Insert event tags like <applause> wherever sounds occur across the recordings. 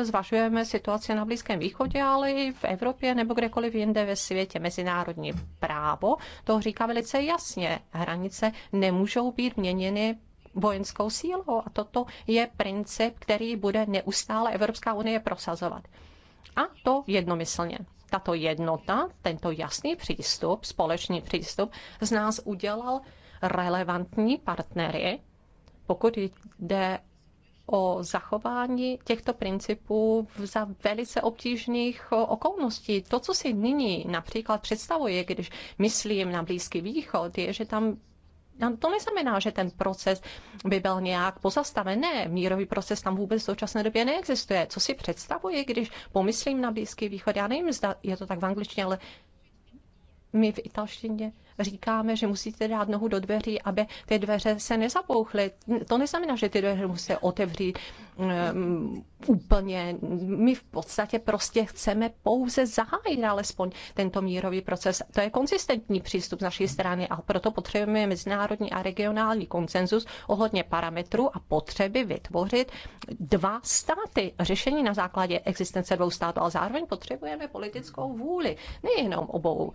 zvažujeme situaci na Blízkém východě, ale i v Evropě nebo kdekoliv jinde ve světě. Mezinárodní právo to říká velice jasně. Hranice nemůžou být měněny vojenskou sílou a toto je princip, který bude neustále Evropská unie prosazovat. A to jednomyslně. Tato jednota, tento jasný přístup, společný přístup, z nás udělal relevantní partnery, pokud jde o zachování těchto principů za velice obtížných okolností. To, co si nyní například představuje, když myslím na Blízký východ, je, že tam to neznamená, že ten proces by byl nějak pozastaven. Ne, mírový proces tam vůbec v současné době neexistuje. Co si představuje, když pomyslím na Blízký východ? Já nevím, zda je to tak v angličtině, ale my v italštině říkáme, že musíte dát nohu do dveří, aby ty dveře se nezapouchly. To neznamená, že ty dveře musí otevřít Eh, úplně, my v podstatě prostě chceme pouze zahájit alespoň tento mírový proces. To je konzistentní přístup z naší strany a proto potřebujeme mezinárodní a regionální konsenzus ohledně parametrů a potřeby vytvořit dva státy. Řešení na základě existence dvou států, ale zároveň potřebujeme politickou vůli. Nejenom obou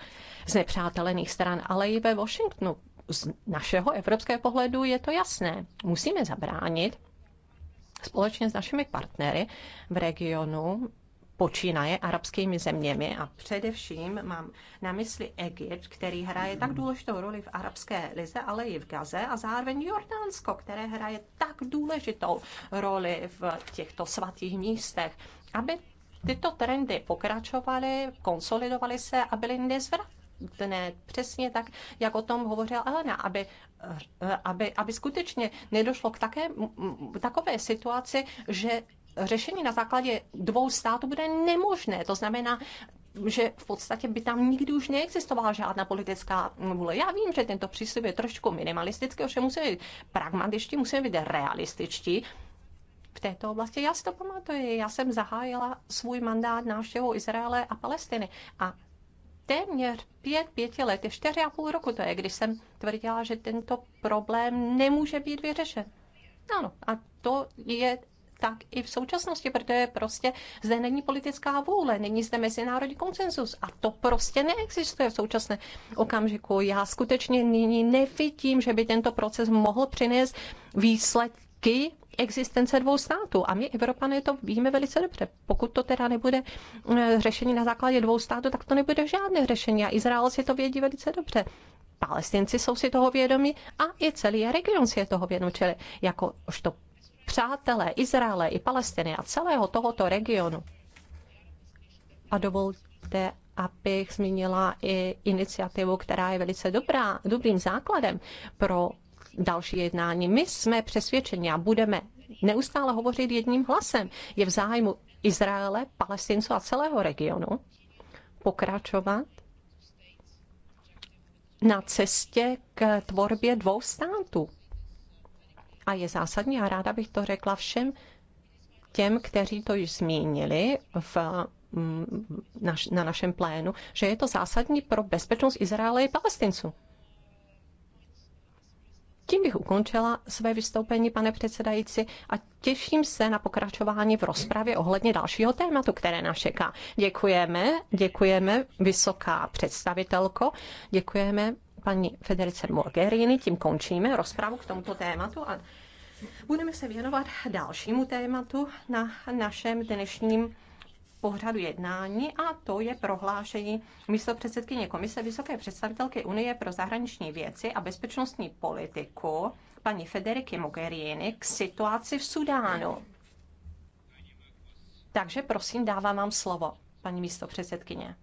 z nepřátelených stran, ale i ve Washingtonu. Z našeho evropského pohledu je to jasné. Musíme zabránit společně s našimi partnery v regionu počínaje arabskými zeměmi a především mám na mysli Egypt, který hraje tak důležitou roli v arabské lize, ale i v Gaze a zároveň Jordánsko, které hraje tak důležitou roli v těchto svatých místech, aby tyto trendy pokračovaly, konsolidovaly se a byly nezvratné nutné, přesně tak, jak o tom hovořila Elena, aby, aby, aby skutečně nedošlo k také, takové situaci, že řešení na základě dvou států bude nemožné. To znamená, že v podstatě by tam nikdy už neexistovala žádná politická vůle. Já vím, že tento přístup je trošku minimalistický, ovšem musíme být pragmatičtí, musíme být realističtí v této oblasti. Já si to pamatuju, já jsem zahájila svůj mandát návštěvou Izraele a Palestiny a téměř pět, pěti lety, čtyři a půl roku to je, když jsem tvrdila, že tento problém nemůže být vyřešen. Ano, a to je tak i v současnosti, protože prostě zde není politická vůle, není zde mezinárodní konsenzus a to prostě neexistuje v současné okamžiku. Já skutečně nyní nevidím, že by tento proces mohl přinést výsledky existence dvou států. A my, Evropané, to víme velice dobře. Pokud to teda nebude eh, řešení na základě dvou států, tak to nebude žádné řešení. A Izrael si to vědí velice dobře. Palestinci jsou si toho vědomi a i celý region si je toho vědom. Čili jako to přátelé Izraele i Palestiny a celého tohoto regionu. A dovolte, abych zmínila i iniciativu, která je velice dobrá, dobrým základem pro další jednání. My jsme přesvědčeni a budeme neustále hovořit jedním hlasem. Je v zájmu Izraele, Palestinců a celého regionu pokračovat na cestě k tvorbě dvou států. A je zásadní, a ráda bych to řekla všem těm, kteří to již zmínili v, mm, na našem plénu, že je to zásadní pro bezpečnost Izraele i Palestinců. Tím bych ukončila své vystoupení, pane předsedající, a těším se na pokračování v rozpravě ohledně dalšího tématu, které nás čeká. Děkujeme, děkujeme, vysoká představitelko, děkujeme paní Federice Mogherini, tím končíme rozpravu k tomuto tématu a budeme se věnovat dalšímu tématu na našem dnešním pořadu jednání a to je prohlášení místo předsedkyně Komise Vysoké představitelky Unie pro zahraniční věci a bezpečnostní politiku paní Federiky Mogherini k situaci v Sudánu. Takže prosím, dávám vám slovo, paní místo předsedkyně.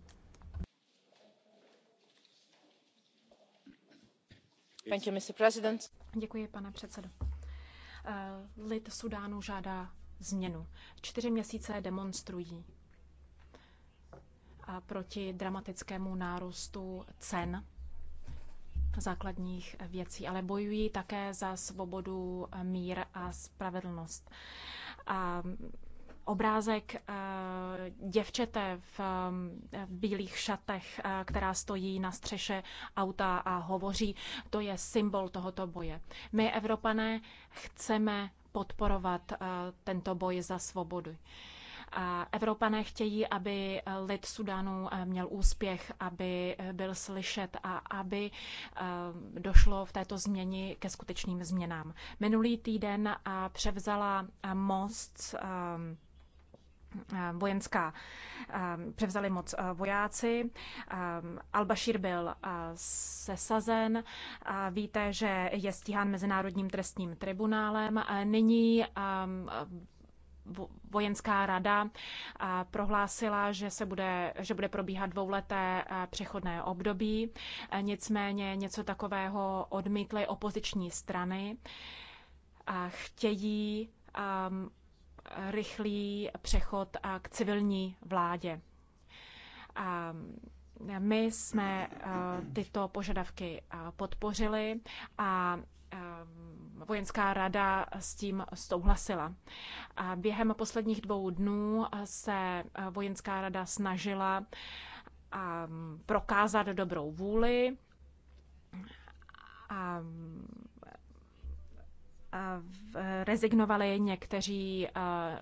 Thank you, Mr. President. Děkuji, pane předsedo. Eh, lid Sudánu žádá změnu. Čtyři měsíce demonstrují proti dramatickému nárůstu cen základních věcí, ale bojují také za svobodu, mír a spravedlnost. A obrázek eh, děvčete eh, v bílých šatech, eh, která stojí na střeše auta a hovoří, to je symbol tohoto boje. My, Evropané, chceme podporovat tento boj za svobodu. Evropané chtějí, aby lid Sudánu eh, měl úspěch, aby eh, byl slyšet a aby eh, došlo v této změně ke skutečným změnám. Minulý týden převzala most vojenská. Převzali moc vojáci. Al-Bashir byl sesazen. Víte, že je stíhán Mezinárodním trestním tribunálem. Nyní vojenská rada prohlásila, že, se bude, že bude probíhat dvouleté přechodné období. Nicméně něco takového odmítly opoziční strany. Chtějí um, rychlý přechod k civilní vládě. My jsme tyto požadavky podpořili a vojenská rada s tím souhlasila. A během posledních dvou dnů se vojenská rada snažila um, prokázat dobrou vůli a rezignovali někteří,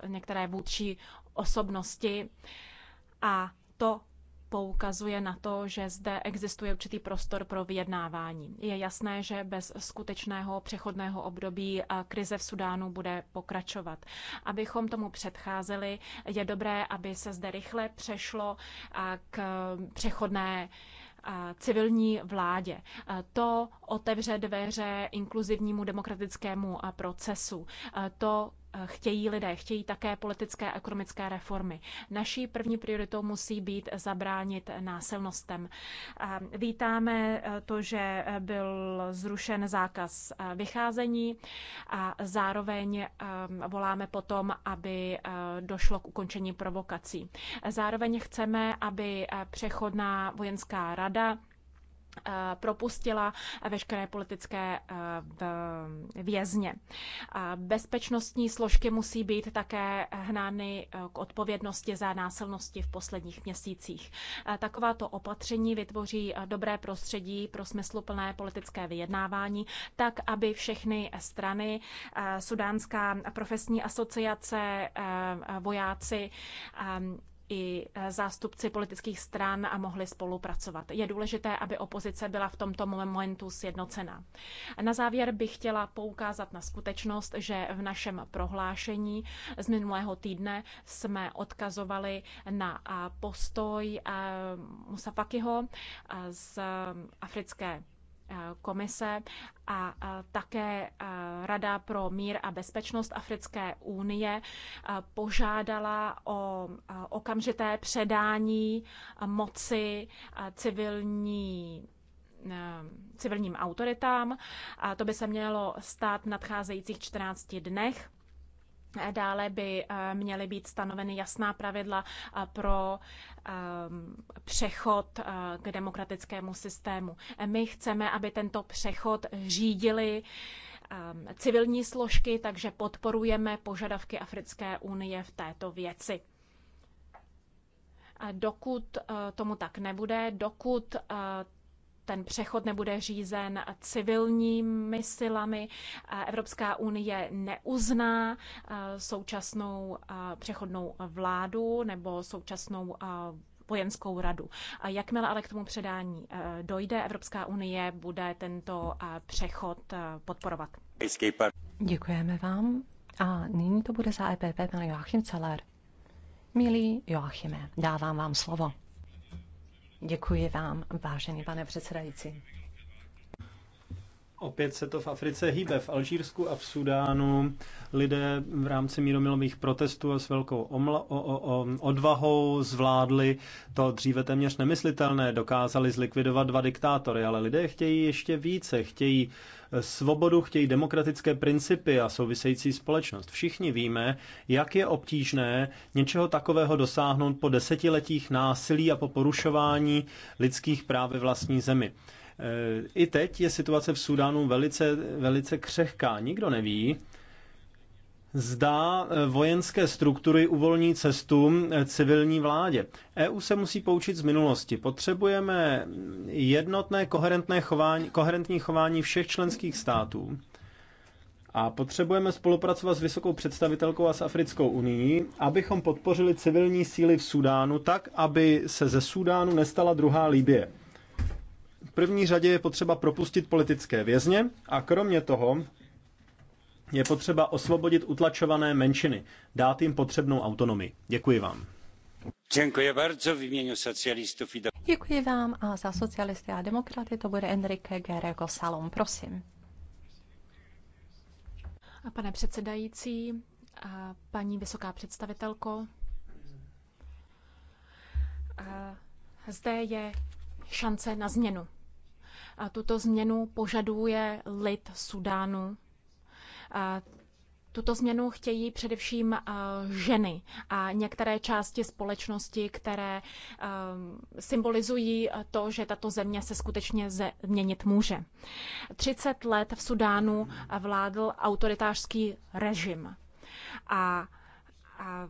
uh, některé vůdčí osobnosti a to poukazuje na to, že zde existuje určitý prostor pro vyjednávání. Je jasné, že bez skutečného přechodného období krize v Sudánu bude pokračovat. Abychom tomu předcházeli, je dobré, aby se zde rychle přešlo k přechodné civilní vládě. To otevře dveře inkluzivnímu demokratickému procesu. To chtějí lidé, chtějí také politické a ekonomické reformy. Naší první prioritou musí být zabránit násilnostem. Vítáme eh, to, že eh, byl zrušen zákaz eh, vycházení a zároveň ehm, voláme potom, aby došlo k ukončení provokací. Zároveň chceme, aby přechodná vojenská rada Eh, propustila veškeré politické eh, vězně. Bezpečnostní složky musí být také hnány eh, k odpovědnosti za násilnosti v posledních měsících. Takováto opatření vytvoří dobré prostředí pro smysluplné politické vyjednávání, tak aby všechny strany, Sudánská profesní asociace, vojáci, i e, zástupci politických stran a mohli spolupracovat. Je důležité, aby opozice byla v tomto momentu sjednocena. Na závěr bych chtěla poukázat na skutečnost, že v našem prohlášení z minulého týdne jsme odkazovali na postoj Musafakiho z africké Eh, komise a eh, také eh, Rada pro mír a bezpečnost Africké unie požádala o okamžité předání moci civilní civilním autoritám. A to by se mělo stát v nadcházejících 14 dnech. Dále by eh, měly být stanoveny jasná pravidla eh, pro ehm, přechod eh, k demokratickému systému. My chceme, aby tento přechod řídili ehm, civilní složky, takže podporujeme požadavky Africké unie v této věci. Dokud tomu tak nebude, dokud ten přechod nebude řízen civilními silami. Evropská unie neuzná eh, současnou eh, přechodnou vládu nebo současnou eh, vojenskou radu. A jakmile ale k tomu předání dojde, Evropská unie bude tento přechod podporovat. Děkujeme vám. A nyní to bude za EPP pan Joachim Celer. Milý Joachime, dávám vám slovo. Děkuji vám, vážený pane předsedající. Opět se to v Africe hýbe. V Alžírsku a v Sudánu lidé v rámci míromilových protestů a s velkou omla- o- o- o- odvahou zvládli to dříve téměř nemyslitelné. Dokázali zlikvidovat dva diktátory, ale lidé chtějí ještě více. Chtějí eh, svobodu, chtějí demokratické principy a související společnost. Všichni víme, jak je obtížné něčeho takového dosáhnout po desetiletích násilí a po porušování lidských práv ve vlastní zemi. Eh, I teď je situace v Sudánu velice, velice křehká. Nikdo neví, zda eh, vojenské struktury uvolní cestu eh, civilní vládě. EU se musí poučit z minulosti. Potřebujeme jednotné, koherentné chování, koherentní chování všech členských států. A potřebujeme spolupracovat s vysokou představitelkou a s Africkou unii, abychom podpořili civilní síly v Sudánu tak, aby se ze Sudánu nestala druhá Libie první řadě je potřeba propustit politické vězně a kromě toho je potřeba osvobodit utlačované menšiny, dát jim potřebnou autonomii. Děkuji vám. Děkuji bardzo v jménu socialistů. Děkuji vám a za socialisty a demokraty to bude Enrique Guerrero Salom, prosím. A pane předsedající, a paní vysoká představitelko, a zde je šance na změnu. A tuto změnu požaduje lid Sudánu. A tuto změnu chtějí především ženy a některé části společnosti, které symbolizují to, že tato země se skutečně změnit může. 30 let v Sudánu vládl autoritářský režim a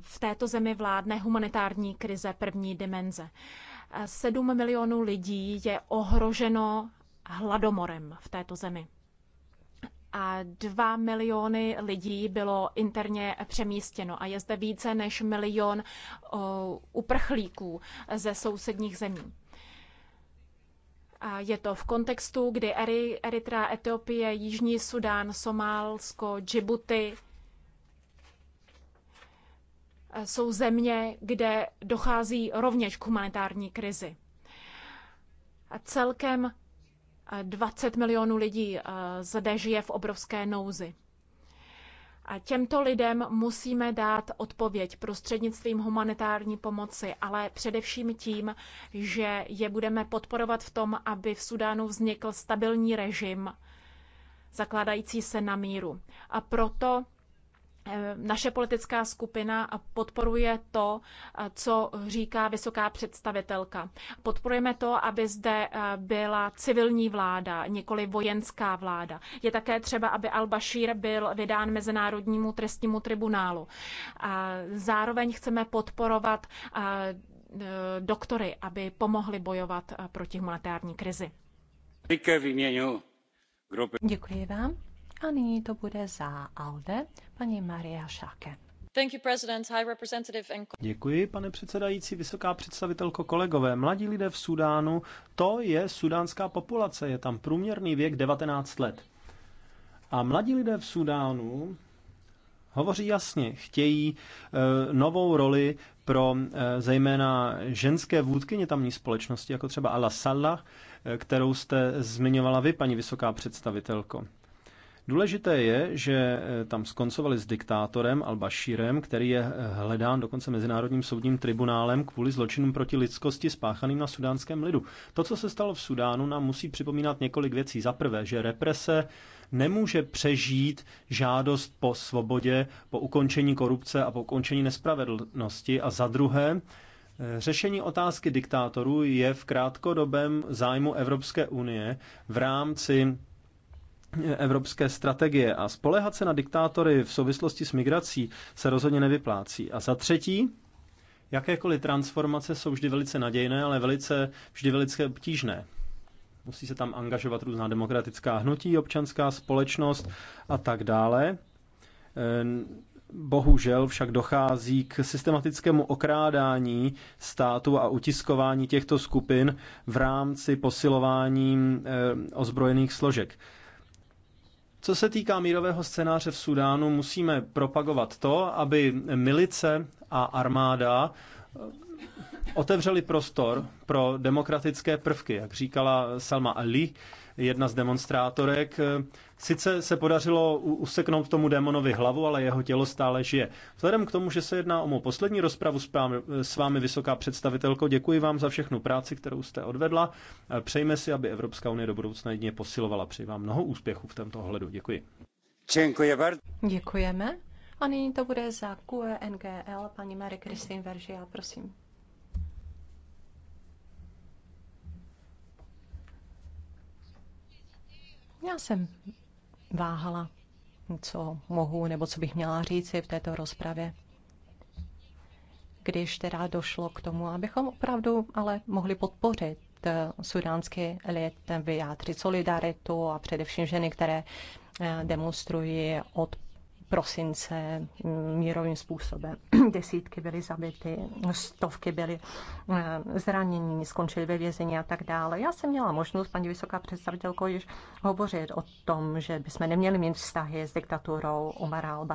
v této zemi vládne humanitární krize první dimenze. 7 milionů lidí je ohroženo hladomorem v této zemi. A dva miliony lidí bylo interně přemístěno a je zde více než milion uprchlíků ze sousedních zemí. A je to v kontextu, kdy Eritrea, Etiopie, Jižní Sudán, Somálsko, Djibouti jsou země, kde dochází rovněž k humanitární krizi. A celkem 20 milionů lidí eh, zde žije v obrovské nouzi. A těmto lidem musíme dát odpověď prostřednictvím humanitární pomoci, ale především tím, že je budeme podporovat v tom, aby v Sudánu vznikl stabilní režim, zakládající se na míru. A proto Eh, naše politická skupina podporuje to, eh, co říká vysoká představitelka. Podporujeme to, aby zde eh, byla civilní vláda, nikoli vojenská vláda. Je také třeba, aby al-Bashir byl vydán Mezinárodnímu trestnímu tribunálu. Zároveň chceme podporovat doktory, aby pomohli bojovat proti humanitární krizi. Děkuji vám. A nyní to bude za ALDE paní Maria Šáke. Děkuji, pane předsedající, vysoká představitelko kolegové. Mladí lidé v Sudánu, to je sudánská populace, je tam průměrný věk 19 let. A mladí lidé v Sudánu hovoří jasně, chtějí e, novou roli pro e, zejména ženské vůdkyně tamní společnosti, jako třeba Ala Salah, e, kterou jste zmiňovala vy, paní vysoká představitelko. Důležité je, že eh, tam skoncovali s diktátorem Al-Bashirem, který je eh, hledán dokonce Mezinárodním soudním tribunálem kvůli zločinům proti lidskosti spáchaným na sudánském lidu. To, co se stalo v Sudánu, nám musí připomínat několik věcí. Za prvé, že represe nemůže přežít žádost po svobodě, po ukončení korupce a po ukončení nespravedlnosti. A za druhé, eh, Řešení otázky diktátorů je v krátkodobém zájmu Evropské unie v rámci evropské strategie a spolehat se na diktátory v souvislosti s migrací se rozhodně nevyplácí. A za třetí, jakékoliv transformace jsou vždy velice nadějné, ale velice, vždy velice obtížné. Musí se tam angažovat různá demokratická hnutí, občanská společnost a tak dále. Ehm, bohužel však dochází k systematickému okrádání státu a utiskování těchto skupin v rámci posilování ehm, ozbrojených složek. Co se týká mírového scénáře v Sudánu, musíme propagovat to, aby milice a armáda eh, otevřeli prostor pro demokratické prvky, jak říkala Salma Ali jedna z demonstrátorek. Sice se podařilo useknout tomu démonovi hlavu, ale jeho tělo stále žije. Vzhledem k tomu, že se jedná o mou poslední rozpravu s vámi, vysoká představitelko, děkuji vám za všechnu práci, kterou jste odvedla. Přejme si, aby Evropská unie do budoucna jedině posilovala. Přeji vám mnoho úspěchů v tomto ohledu. Děkuji. Děkujeme. A nyní to bude za QNGL e paní Marie Kristýn Veržia, prosím. Já jsem váhala, co mohu nebo co bych měla říci v této rozpravě když teda došlo k tomu, abychom opravdu ale mohli podpořit eh, sudánský lid, vyjádřit solidaritu a především ženy, které eh, demonstrují od prosince mírovým způsobem. <clears throat> Desítky byly zabity, stovky byly eh, zranění, skončily ve vězení a tak dále. Já jsem měla možnost, paní vysoká představitelko, již hovořit o tom, že bychom neměli mít vztahy s diktaturou Omara al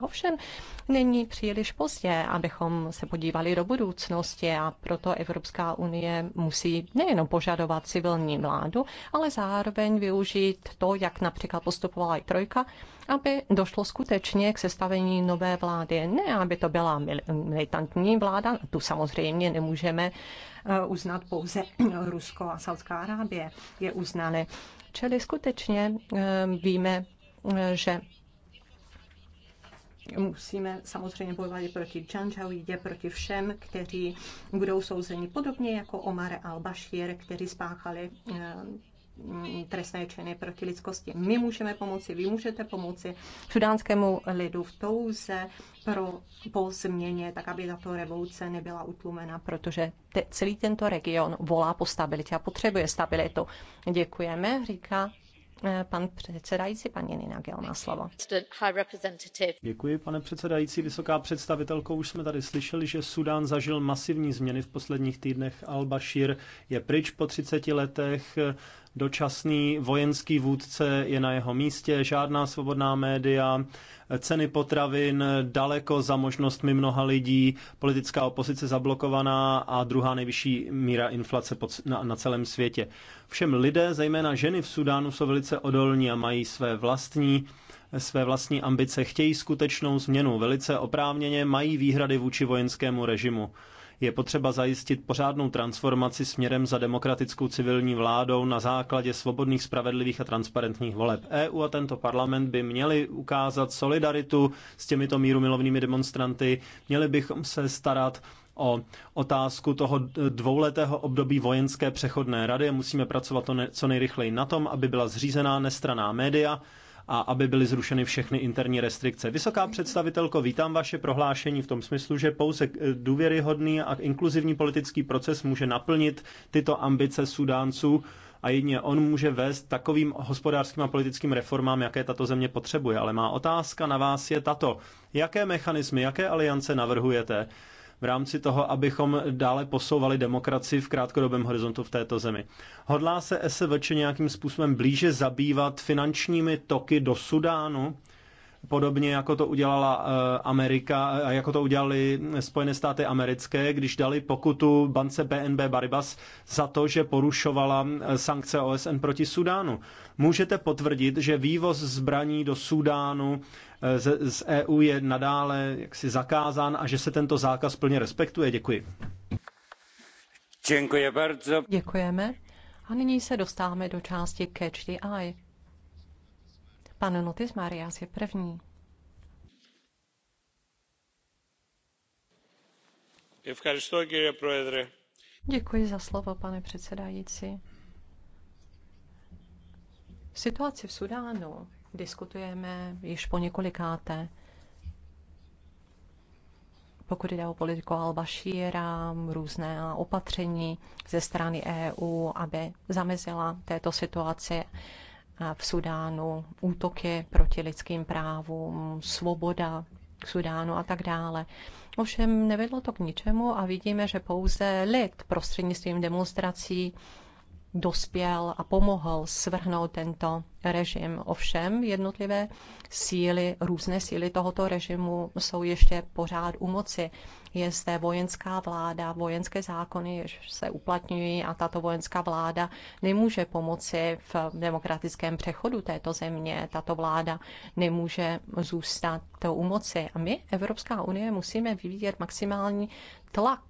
Ovšem není příliš pozdě, abychom se podívali do budoucnosti a proto Evropská unie musí nejenom požadovat civilní vládu, ale zároveň využít to, jak například postupovala i trojka, aby došlo skutečně k sestavení nové vlády. Ne, aby to byla militantní vláda, tu samozřejmě nemůžeme eh, uznat pouze <clears throat> Rusko a Saudská Arábie je uznané. Čili skutečně eh, víme, eh, že musíme samozřejmě bojovat proti Janjawidě, proti všem, kteří budou souzeni podobně jako Omar al-Bashir, kteří spáchali Mm, trestné činy proti lidskosti. My můžeme pomoci, vy můžete pomoci sudánskému lidu v touze pro, po změně, tak aby tato revoluce nebyla utlumena, protože te, celý tento region volá po stabilitě a potřebuje stabilitu. Děkujeme, říká eh, Pan předsedající, paní Nina Gel má slovo. Děkuji, pane předsedající. Vysoká představitelko, už jsme tady slyšeli, že Sudán zažil masivní změny v posledních týdnech. Al-Bashir je pryč po 30 letech, dočasný vojenský vůdce je na jeho místě, žádná svobodná média, ceny potravin daleko za možnostmi mnoha lidí, politická opozice zablokovaná a druhá nejvyšší míra inflace na, celém světě. Všem lidé, zejména ženy v Sudánu, jsou velice odolní a mají své vlastní své vlastní ambice, chtějí skutečnou změnu, velice oprávněně mají výhrady vůči vojenskému režimu. Je potřeba zajistit pořádnou transformaci směrem za demokratickou civilní vládou na základě svobodných, spravedlivých a transparentních voleb. EU a tento parlament by měli ukázat solidaritu s těmito mírumilovnými demonstranty, měli bychom se starat o otázku toho dvouletého období vojenské přechodné rady. Musíme pracovat to ne, co nejrychleji na tom, aby byla zřízená nestraná média, a aby byly zrušeny všechny interní restrikce. Vysoká představitelko, vítám vaše prohlášení v tom smyslu, že pouze důvěryhodný a inkluzivní politický proces může naplnit tyto ambice Sudánců a jedině on může vést takovým hospodářským a politickým reformám, jaké tato země potřebuje. Ale má otázka na vás je tato. Jaké mechanismy, jaké aliance navrhujete, v rámci toho, abychom dále posouvali demokracii v krátkodobém horizontu v této zemi. Hodlá se SVČ nějakým způsobem blíže zabývat finančními toky do Sudánu? podobně jako to udělala eh, Amerika, eh, jako to udělali Spojené státy americké, když dali pokutu bance BNB Baribas za to, že porušovala eh, sankce OSN proti Sudánu. Můžete potvrdit, že vývoz zbraní do Sudánu z, EU je nadále jaksi zakázán a že se tento zákaz plně respektuje? Děkuji. Děkuji bardzo. Děkujeme. A nyní se dostáváme do části Catch the Eye. Pan Notis Marias je první. Děkuji za slovo, pane předsedající. Situaci v Sudánu diskutujeme již po několikáté. Pokud jde o politiku Al-Bashira, různé opatření ze strany EU, aby zamezila této situaci v Sudánu, útoky proti lidským právům, svoboda k Sudánu a tak dále. Ovšem nevedlo to k ničemu a vidíme, že pouze lid prostřednictvím demonstrací dospěl a pomohl svrhnout tento režim. Ovšem jednotlivé síly, různé síly tohoto režimu jsou ještě pořád u moci. Je zde vojenská vláda, vojenské zákony, jež se uplatňují a tato vojenská vláda nemůže pomoci v demokratickém přechodu této země. Tato vláda nemůže zůstat u moci. A my, Evropská unie, musíme vyvíjet maximální tlak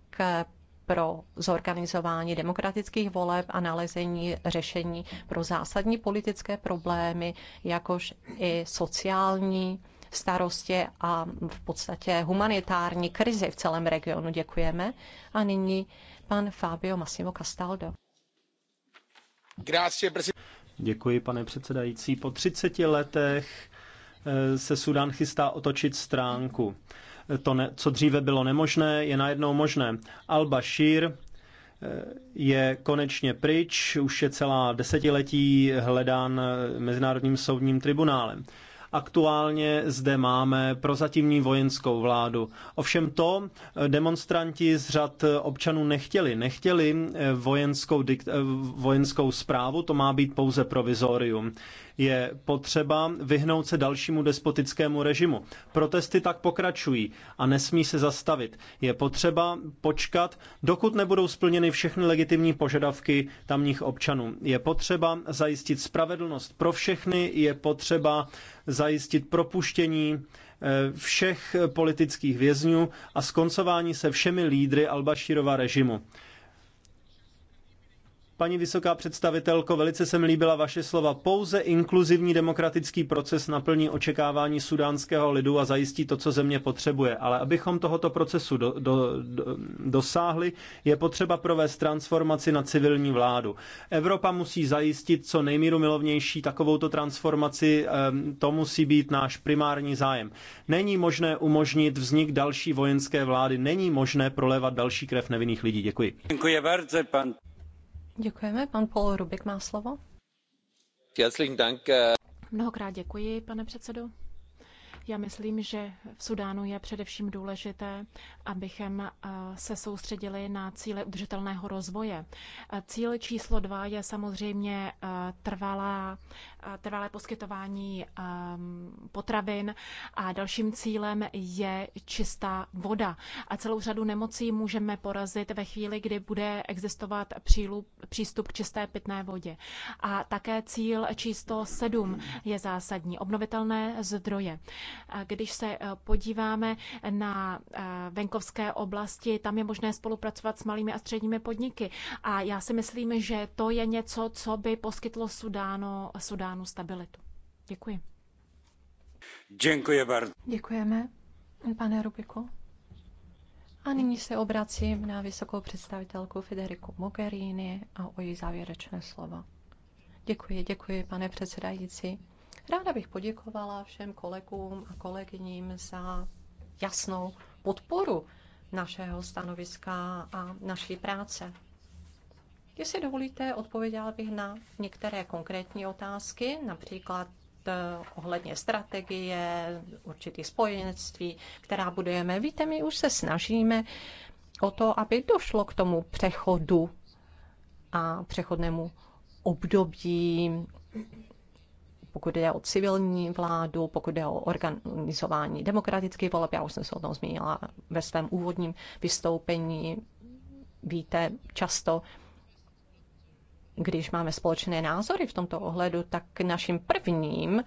pro zorganizování demokratických voleb a nalezení řešení pro zásadní politické problémy, jakož i sociální starostě a v podstatě humanitární krizi v celém regionu. Děkujeme. A nyní pan Fabio Massimo Castaldo. Děkuji, pane předsedající. Po 30 letech eh, se Sudan chystá otočit stránku to, ne, co dříve bylo nemožné, je najednou možné. Al-Bashir eh, je konečně pryč, už je celá desetiletí hledán eh, Mezinárodním soudním tribunálem. Aktuálně zde máme prozatímní vojenskou vládu. Ovšem to eh, demonstranti z řad občanů nechtěli. Nechtěli vojenskou, vojenskou zprávu, to má být pouze provizorium. Je potřeba vyhnout se dalšímu despotickému režimu. Protesty tak pokračují a nesmí se zastavit. Je potřeba počkat, dokud nebudou splněny všechny legitimní požadavky tamních občanů. Je potřeba zajistit spravedlnost pro všechny, je potřeba zajistit propuštění eh, všech politických vězňů a skoncování se všemi lídry Albašírova režimu. Paní vysoká představitelko, velice se mi líbila vaše slova. Pouze inkluzivní demokratický proces naplní očekávání sudánského lidu a zajistí to, co země potřebuje. Ale abychom tohoto procesu do, do, do, dosáhli, je potřeba provést transformaci na civilní vládu. Evropa musí zajistit co nejmíru milovnější takovouto transformaci, ehm, to musí být náš primární zájem. Není možné umožnit vznik další vojenské vlády, není možné prolévat další krev nevinných lidí. Děkuji. Děkuji bardzo, pan Děkujeme. Pan Paul Rubik má slovo. Eh. Mnohokrát děkuji, pane předsedo. Já myslím, že v Sudánu je především důležité, abychom eh, se soustředili na cíle udržitelného rozvoje. Eh, cíl číslo dva je samozřejmě eh, trvalá, trvalé poskytování potravin a dalším cílem je čistá voda. A celou řadu nemocí můžeme porazit ve chvíli, kdy bude existovat přílup, přístup k čisté pitné vodě. A také cíl číslo sedm je zásadní. Obnovitelné zdroje. Když se eh, podíváme na eh, venkovské oblasti, tam je možné spolupracovat s malými a středními podniky. A já si myslím, že to je něco, co by poskytlo Sudánu, Sudánu stabilitu. Děkuji. Děkuji bardzo. Děkujeme, pane Rubiku. A nyní se obracím na vysokou představitelku Federiku Mogherini a o její závěrečné slovo. Děkuji, děkuji, pane předsedající. Ráda bych poděkovala všem kolegům a kolegyním za jasnou podporu našeho stanoviska a naší práce. Jestli dovolíte, odpověděla bych na některé konkrétní otázky, například eh, ohledně strategie, určitých spojenectví, která budujeme. Víte, my už se snažíme o to, aby došlo k tomu přechodu a přechodnému období pokud jde o civilní vládu, pokud jde o organizování demokratických voleb, já už jsem se o tom zmínila ve svém úvodním vystoupení. Víte, často když máme společné názory v tomto ohledu, tak naším prvním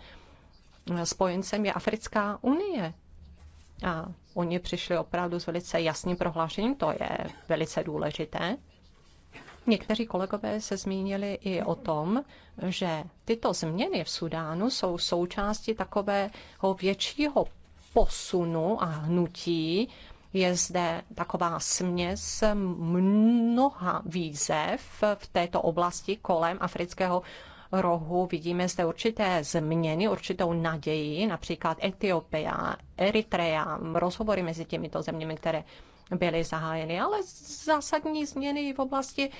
spojencem je Africká unie. A oni přišli opravdu s velice jasným prohlášením, to je velice důležité. Někteří kolegové se zmínili i o tom, že tyto změny v Sudánu jsou součástí takového většího posunu a hnutí. Je zde taková směs mnoha výzev v této oblasti kolem afrického rohu vidíme zde určité změny, určitou naději, například Etiopia, Eritrea, rozhovory mezi těmito zeměmi, které byly zahájeny, ale zásadní změny v oblasti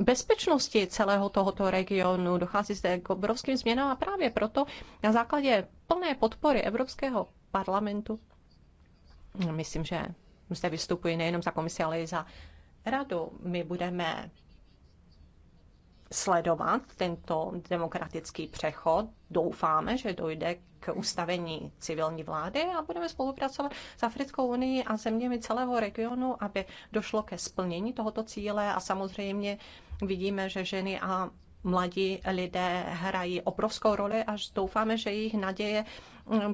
bezpečnosti celého tohoto regionu. Dochází zde k obrovským změnám a právě proto na základě plné podpory Evropského parlamentu, myslím, že zde vystupuji nejenom za komisi, ale i za radu, my budeme sledovat tento demokratický přechod. Doufáme, že dojde k ustavení civilní vlády a budeme spolupracovat s Africkou unii a zeměmi celého regionu, aby došlo ke splnění tohoto cíle a samozřejmě vidíme, že ženy a mladí lidé hrají obrovskou roli a doufáme, že jejich naděje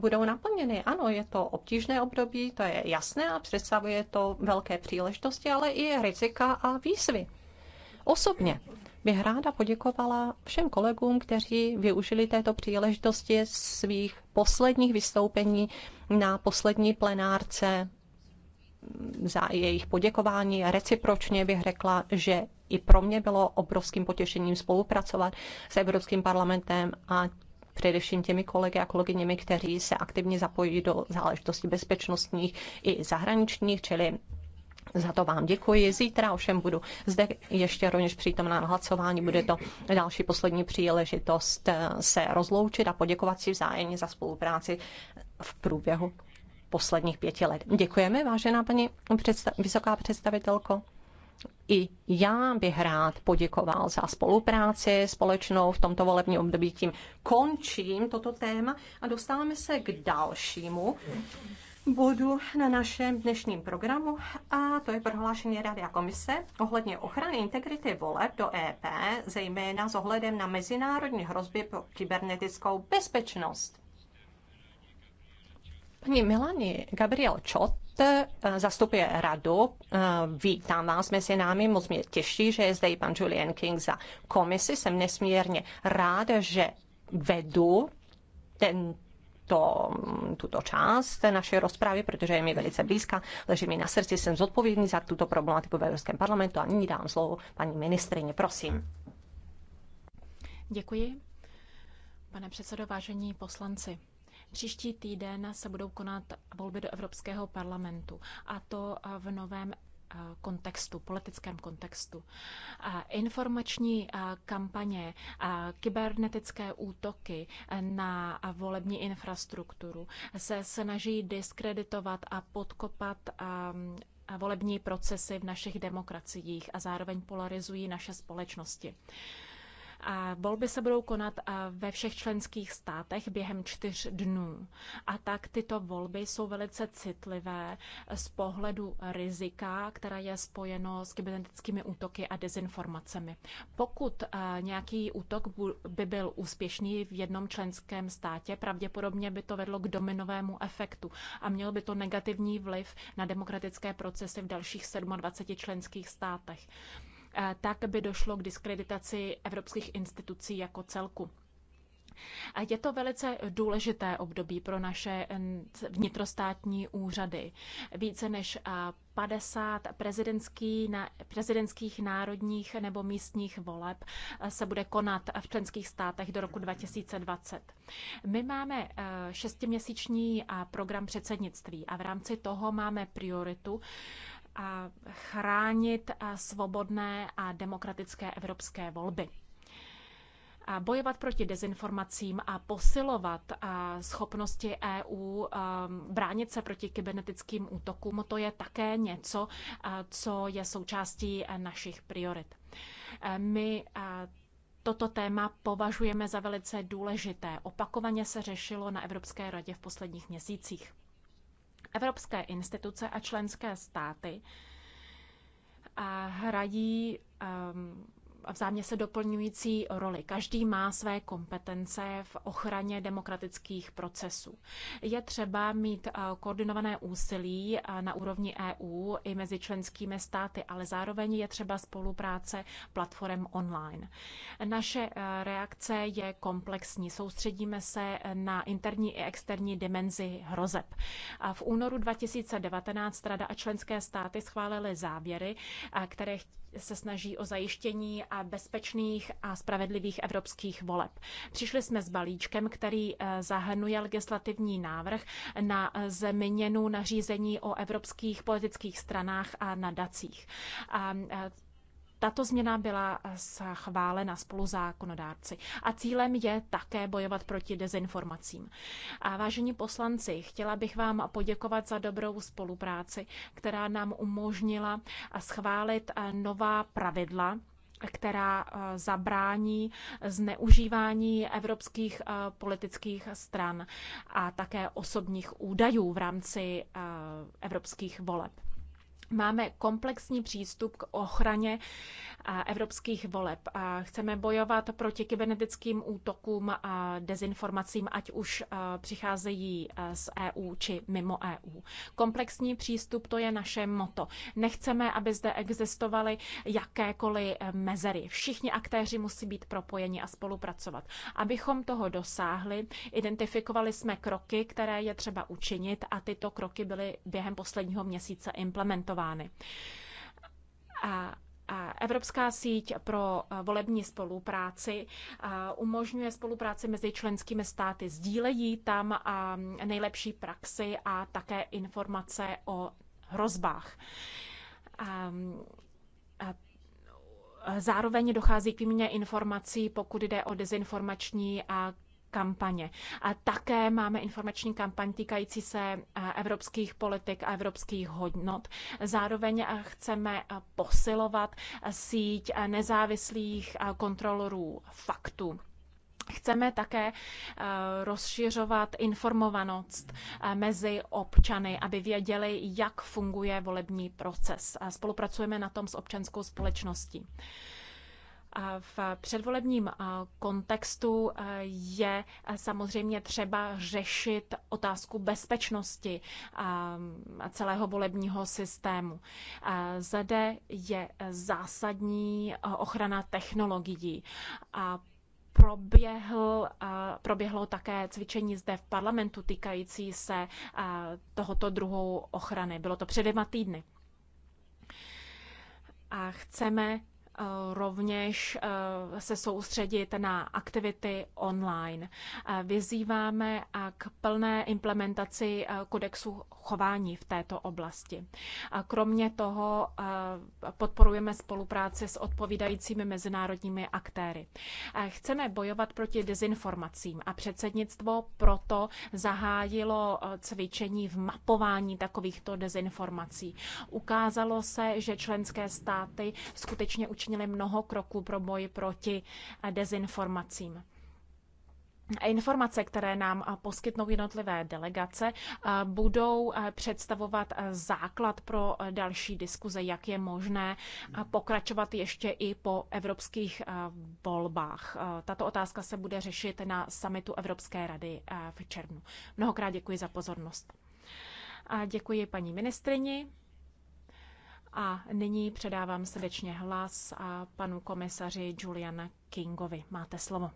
budou naplněny. Ano, je to obtížné období, to je jasné a představuje to velké příležitosti, ale i rizika a výzvy. Osobně bych ráda poděkovala všem kolegům, kteří využili této příležitosti svých posledních vystoupení na poslední plenárce za jejich poděkování. Recipročně bych řekla, že i pro mě bylo obrovským potěšením spolupracovat s Evropským parlamentem a především těmi kolegy a kolegyněmi, kteří se aktivně zapojí do záležitostí bezpečnostních i zahraničních, čili za to vám děkuji. Zítra ovšem budu zde ještě rovněž přítomná na hlasování. Bude to další poslední příležitost eh, se rozloučit a poděkovat si vzájemně za spolupráci v průběhu posledních pěti let. Děkujeme, vážená paní představ- vysoká představitelko. I já bych rád poděkoval za spolupráci společnou v tomto volebním období. Tím končím toto téma a dostáváme se k dalšímu bodu na našem dnešním programu a to je prohlášení Rady a komise ohledně ochrany integrity voleb do EP, zejména s ohledem na mezinárodní hrozby pro kybernetickou bezpečnost. Paní Milani Gabriel Čot eh, zastupuje radu. Eh, vítám vás mezi námi, moc mě těší, že je zde i pan Julian King za komisi. Jsem nesmírně rád, že vedu ten to, tuto část naší rozpravy, protože je mi velice blízka, leží mi na srdci, jsem zodpovědný za tuto problematiku v Evropském parlamentu a nyní dám slovo paní ministrině, prosím. Děkuji. Pane předsedo, vážení poslanci, Příští týden se budou konat volby do Evropského parlamentu a to v novém Eh, kontextu, politickém kontextu. Informační eh, kampaně, eh, kybernetické útoky na volební infrastrukturu se snaží diskreditovat a podkopat ehm, volební procesy v našich demokraciích a zároveň polarizují naše společnosti. Volby se budou konat ve všech členských státech během čtyř dnů. A tak tyto volby jsou velice citlivé z pohledu rizika, která je spojeno s kybernetickými útoky a dezinformacemi. Pokud nějaký útok by byl úspěšný v jednom členském státě, pravděpodobně by to vedlo k dominovému efektu a mělo by to negativní vliv na demokratické procesy v dalších 27 členských státech. Eh, tak by došlo k diskreditaci evropských institucí jako celku. A je to velice důležité období pro naše eh, vnitrostátní úřady. Více než 50 eh, prezidentský, prezidentských národních nebo místních voleb se bude konat v členských státech do roku 2020. My máme šestiměsíční program předsednictví a v rámci toho máme prioritu chránit svobodné a demokratické evropské volby. A bojovat proti dezinformacím a posilovat schopnosti EU bránit se proti kybernetickým útokům, to je také něco, co je součástí e, našich priorit. E, my Toto téma považujeme za velice důležité. Opakovaně se řešilo na Evropské radě v posledních měsících. Evropské instituce a členské státy hrají um, vzájemně se doplňující roli. Každý má své kompetence v ochraně demokratických procesů. Je třeba mít eh, koordinované úsilí eh, na úrovni EU i mezi členskými státy, ale zároveň je třeba spolupráce platform online. Naše eh, reakce je komplexní. Soustředíme se na interní i externí dimenzi hrozeb. V únoru 2019 Rada a členské státy schválily závěry, které se snaží o zajištění a bezpečných a spravedlivých evropských voleb. Přišli jsme s balíčkem, který eh, zahrnuje legislativní návrh na eh, změnu nařízení o evropských politických stranách a nadacích. Eh, tato změna byla eh, schválena spoluzákonodárci a cílem je také bojovat proti dezinformacím. A vážení poslanci, chtěla bych vám poděkovat za dobrou spolupráci, která nám umožnila eh, schválit eh, nová pravidla která zabrání zneužívání evropských politických stran a také osobních údajů v rámci evropských voleb. Máme komplexní přístup k ochraně evropských voleb. Chceme bojovat proti kybernetickým útokům a dezinformacím, ať už přicházejí z EU či mimo EU. Komplexní přístup to je naše moto. Nechceme, aby zde existovaly jakékoliv e, mezery. Všichni aktéři musí být propojeni a spolupracovat. Abychom toho dosáhli, identifikovali jsme kroky, které je třeba učinit a tyto kroky byly během posledního měsíce implementovány implementovány. A Evropská síť pro eh, volební spolupráci eh, umožňuje spolupráci mezi členskými státy, sdílejí tam eh, nejlepší praxi a také informace o hrozbách. Zároveň dochází k výměně informací, pokud jde o dezinformační a kampaně. A také máme informační kampaň týkající se eh, evropských politik a evropských hodnot. Zároveň eh, chceme eh, posilovat síť nezávislých kontrolorů faktů. Chceme také rozšiřovat informovanost mezi občany, aby věděli, jak funguje volební proces. Spolupracujeme na tom s občanskou společností. V předvolebním kontextu je samozřejmě třeba řešit otázku bezpečnosti celého volebního systému. Zde je zásadní ochrana technologií. A proběhl, proběhlo také cvičení zde v parlamentu týkající se tohoto druhu ochrany. Bylo to před dvěma týdny. A chceme rovněž eh, se soustředit na aktivity online. Eh, vyzýváme a k plné implementaci eh, kodexu chování v této oblasti. Kromě toho podporujeme spolupráci s odpovídajícími mezinárodními aktéry. Chceme bojovat proti dezinformacím a předsednictvo proto zahájilo cvičení v mapování takovýchto dezinformací. Ukázalo se, že členské státy skutečně učí učinili mnoho kroků pro boj proti dezinformacím. Informace, které nám poskytnou jednotlivé delegace, budou představovat základ pro další diskuze, jak je možné pokračovat ještě i po evropských volbách. Tato otázka se bude řešit na samitu Evropské rady v červnu. Mnohokrát děkuji za pozornost. A děkuji paní ministrině. A nyní předávám srdečně hlas a panu komisaři Julian Kingovi. Máte slovo.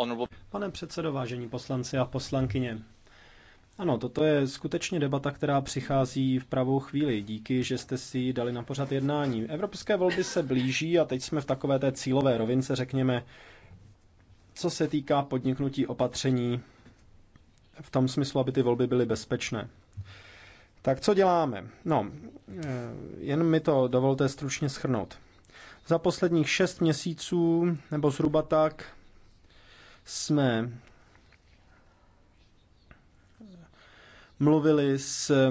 Uh, uh, Pane předsedo, vážení poslanci a poslankyně, ano, toto je skutečně debata, která přichází v pravou chvíli. Díky, že jste si dali na pořad jednání. Evropské volby se blíží a teď jsme v takové té cílové rovince, řekněme, co se týká podniknutí opatření v tom smyslu, aby ty volby byly bezpečné. Tak co děláme? No, eh, jen mi to dovolte stručně schrnout. Za posledních šest měsíců, nebo zhruba tak, jsme mluvili s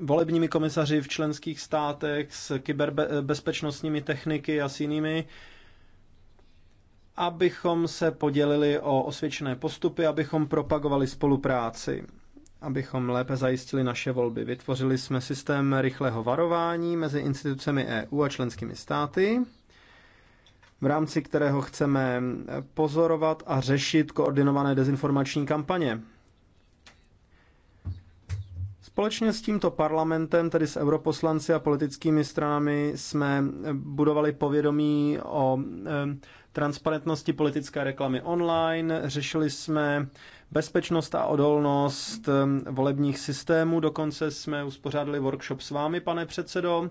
volebními komisaři v členských státech, s kyberbezpečnostními eh, techniky a s jinými, abychom se podělili o osvědčené postupy, abychom propagovali spolupráci abychom lépe zajistili naše volby. Vytvořili jsme systém rychlého varování mezi institucemi EU a členskými státy, v rámci kterého chceme pozorovat a řešit koordinované dezinformační kampaně. Společně s tímto parlamentem, tedy s europoslanci a politickými stranami, jsme budovali povědomí o eh, transparentnosti politické reklamy online, řešili jsme bezpečnost a odolnost volebních systémů. Dokonce jsme uspořádali workshop s vámi, pane předsedo,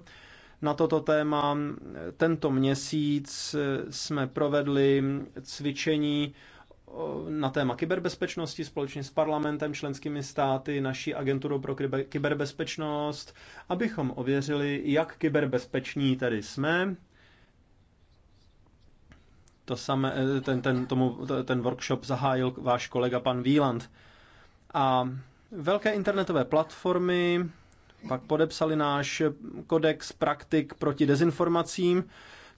na toto téma. Tento měsíc e, jsme provedli cvičení na téma kyberbezpečnosti společně s parlamentem, členskými státy, naší agenturou pro kyberbezpečnost, abychom ověřili, jak kyberbezpeční tady jsme to samé, eh, ten, ten, tomu, ten workshop zahájil váš kolega pan Wieland. A velké internetové platformy pak podepsali náš kodex praktik proti dezinformacím,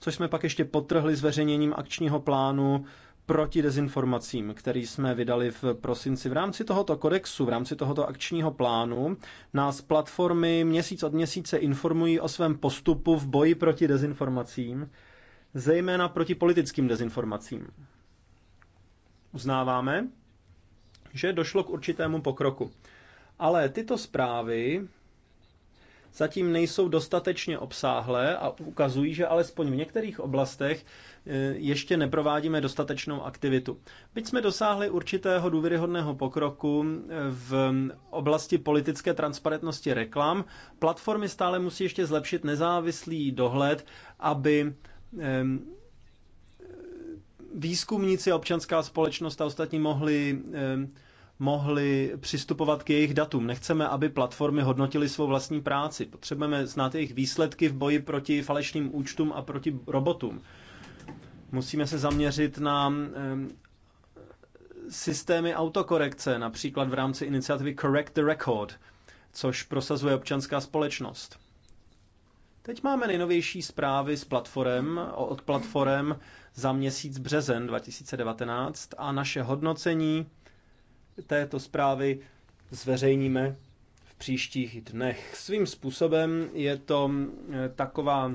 což jsme pak ještě potrhli zveřejněním akčního plánu proti dezinformacím, který jsme vydali v prosinci. V rámci tohoto kodexu, v rámci tohoto akčního plánu, nás platformy měsíc od měsíce informují o svém postupu v boji proti dezinformacím zejména proti politickým dezinformacím. Uznáváme, že došlo k určitému pokroku. Ale tyto zprávy zatím nejsou dostatečně obsáhlé a ukazují, že alespoň v některých oblastech e, ještě neprovádíme dostatečnou aktivitu. Byť jsme dosáhli určitého důvěryhodného pokroku e, v oblasti politické transparentnosti reklam, platformy stále musí ještě zlepšit nezávislý dohled, aby výzkumníci, občanská společnost a ostatní mohli mohli přistupovat k jejich datům. Nechceme, aby platformy hodnotily svou vlastní práci. Potřebujeme znát jejich výsledky v boji proti falešným účtům a proti robotům. Musíme se zaměřit na systémy autokorekce, například v rámci iniciativy Correct the Record, což prosazuje občanská společnost. Teď máme nejnovější zprávy z platform, od platform za měsíc březen 2019 a naše hodnocení této zprávy zveřejníme v příštích dnech. Svým způsobem je to eh, taková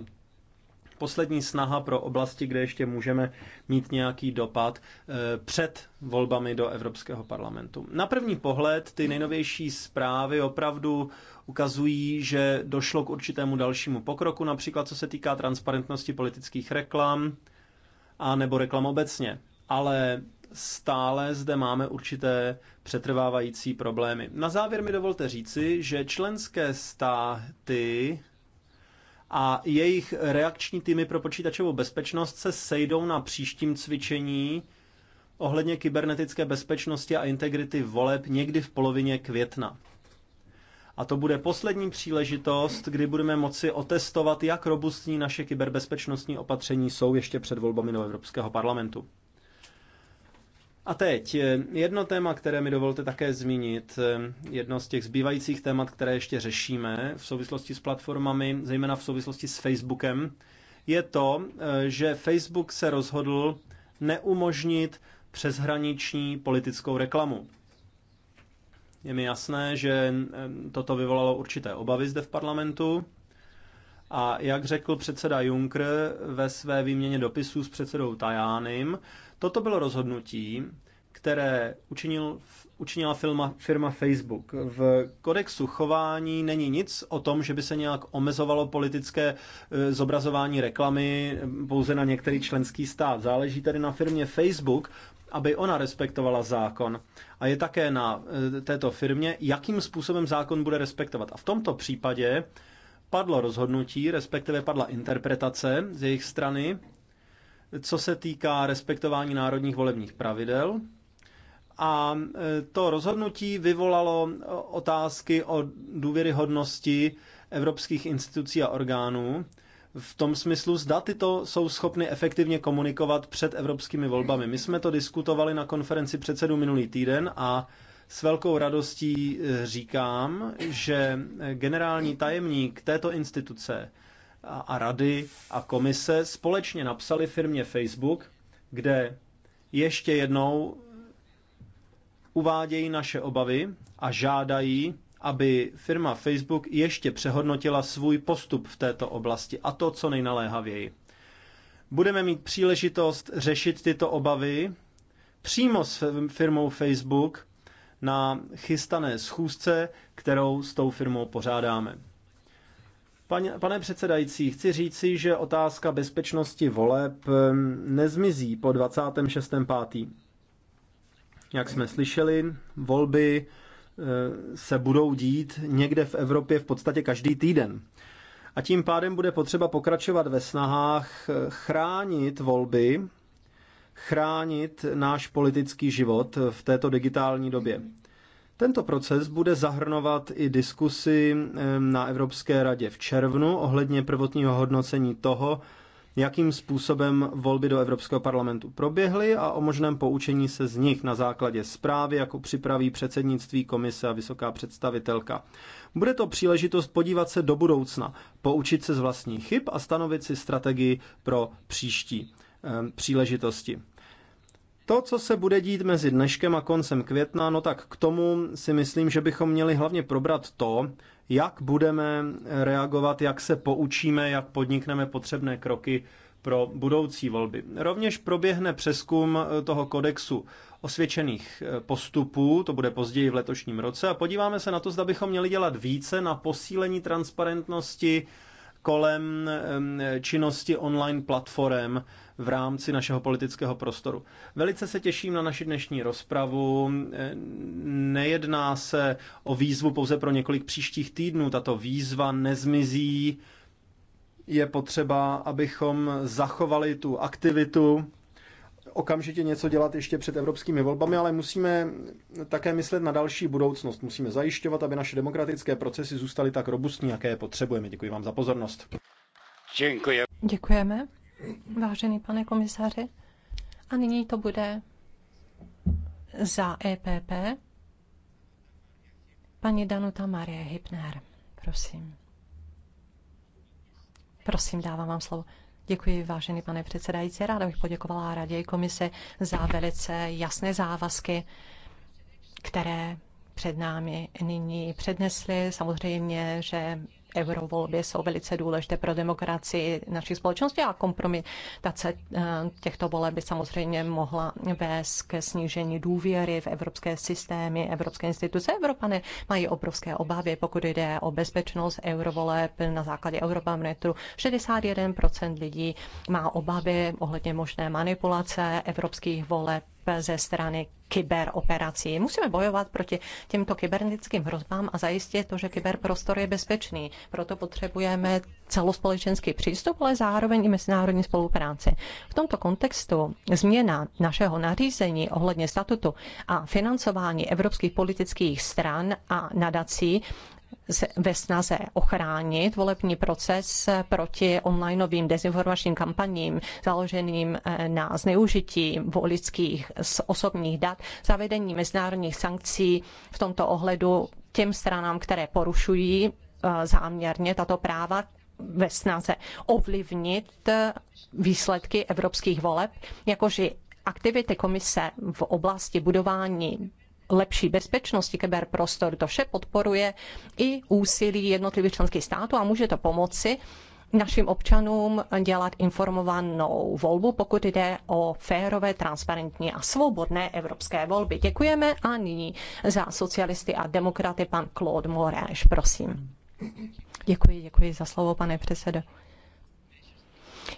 poslední snaha pro oblasti, kde ještě můžeme mít nějaký dopad eh, před volbami do Evropského parlamentu. Na první pohled ty nejnovější zprávy opravdu ukazují, že došlo k určitému dalšímu pokroku, například co se týká transparentnosti politických reklam a nebo reklam obecně. Ale stále zde máme určité přetrvávající problémy. Na závěr mi dovolte říci, že členské státy a jejich reakční týmy pro počítačovou bezpečnost se sejdou na příštím cvičení ohledně kybernetické bezpečnosti a integrity voleb někdy v polovině května. A to bude poslední příležitost, kdy budeme moci otestovat, jak robustní naše kyberbezpečnostní opatření jsou ještě před volbami do Evropského parlamentu. A teď eh, jedno téma, které mi dovolte také zmínit, eh, jedno z těch zbývajících témat, které ještě řešíme v souvislosti s platformami, zejména v souvislosti s Facebookem, je to, eh, že Facebook se rozhodl neumožnit přeshraniční politickou reklamu. Je mi jasné, že toto vyvolalo určité obavy zde v parlamentu. A jak řekl předseda Juncker ve své výměně dopisů s předsedou Tajánem, toto bylo rozhodnutí, které učinil, učinila firma, firma Facebook. V kodexu chování není nic o tom, že by se nějak omezovalo politické e, zobrazování reklamy e, pouze na některý členský stát. Záleží tedy na firmě Facebook, aby ona respektovala zákon. A je také na eh, této firmě, jakým způsobem zákon bude respektovat. A v tomto případě padlo rozhodnutí, respektive padla interpretace z jejich strany, co se týká respektování národních volebních pravidel. A eh, to rozhodnutí vyvolalo otázky o důvěryhodnosti evropských institucí a orgánů v tom smyslu, zda tyto jsou schopny efektivně komunikovat před evropskými volbami. My jsme to diskutovali na konferenci předsedů minulý týden a s velkou radostí eh, říkám, že generální tajemník této instituce a rady a komise společně napsali firmě Facebook, kde ještě jednou uvádějí naše obavy a žádají aby firma Facebook ještě přehodnotila svůj postup v této oblasti a to co nejnaléhavěji. Budeme mít příležitost řešit tyto obavy přímo s firmou Facebook na chystané schůzce, kterou s tou firmou pořádáme. Pane předsedající, chci říci, že otázka bezpečnosti voleb nezmizí po 26.5. Jak jsme slyšeli, volby Eh, se budou dít někde v Evropě v podstatě každý týden. A tím pádem bude potřeba pokračovat ve snahách eh, chránit volby, chránit náš politický život v této digitální době. Tento proces bude zahrnovat i diskusy eh, na Evropské radě v červnu ohledně prvotního hodnocení toho, jakým způsobem volby do Evropského parlamentu proběhly a o možném poučení se z nich na základě zprávy, jako připraví předsednictví komise a vysoká představitelka. Bude to příležitost podívat se do budoucna, poučit se z vlastních chyb a stanovit si strategii pro příští eh, příležitosti. To, co se bude dít mezi dneškem a koncem května, no tak k tomu si myslím, že bychom měli hlavně probrat to, jak budeme reagovat, jak se poučíme, jak podnikneme potřebné kroky pro budoucí volby. Rovněž proběhne přeskum toho kodexu osvědčených eh, postupů, to bude později v letošním roce, a podíváme se na to, zda bychom měli dělat více na posílení transparentnosti kolem eh, činnosti online platform v rámci našeho politického prostoru. Velice se těším na naši dnešní rozpravu. Nejedná se o výzvu pouze pro několik příštích týdnů. Tato výzva nezmizí. Je potřeba, abychom zachovali tu aktivitu, okamžitě něco dělat ještě před evropskými volbami, ale musíme také myslet na další budoucnost. Musíme zajišťovat, aby naše demokratické procesy zůstaly tak robustní, jaké je potřebujeme. Děkuji vám za pozornost. Děkuji. Děkujeme vážený pane komisaři. A nyní to bude za EPP paní Danuta Marie Hypner. Prosím. Prosím, dávám vám slovo. Děkuji, vážený pane předsedající. Ráda bych poděkovala Radě i komise za velice jasné závazky, které před námi nyní přednesly. Samozřejmě, že eurovolby jsou velice důležité pro demokracii naší společnosti a kompromitace eh, těchto voleb by samozřejmě mohla vést ke snížení důvěry v evropské systémy, evropské instituce. Evropané mají obrovské obavy, pokud jde o bezpečnost eurovoleb na základě Eurobarometru. 61% lidí má obavy ohledně možné manipulace evropských voleb ze strany kyberoperací. Musíme bojovat proti těmto kybernetickým hrozbám a zajistit to, že kyberprostor je bezpečný. Proto potřebujeme celospolečenský přístup, ale zároveň i mezinárodní spolupráci. V tomto kontextu změna našeho nařízení ohledně statutu a financování evropských politických stran a nadací ve snaze ochránit volební proces proti onlineovým dezinformačním kampaním založeným eh, na zneužití volických osobních dat, zavedení mezinárodních sankcí v tomto ohledu těm stranám, které porušují eh, záměrně tato práva, ve snaze ovlivnit eh, výsledky evropských voleb, jakož i aktivity komise v oblasti budování lepší bezpečnosti kyberprostoru. To vše podporuje i úsilí jednotlivých členských států a může to pomoci našim občanům dělat informovanou volbu, pokud jde o férové, transparentní a svobodné evropské volby. Děkujeme a nyní za socialisty a demokraty pan Claude Moraes, prosím. Děkuji, děkuji za slovo, pane předsedo.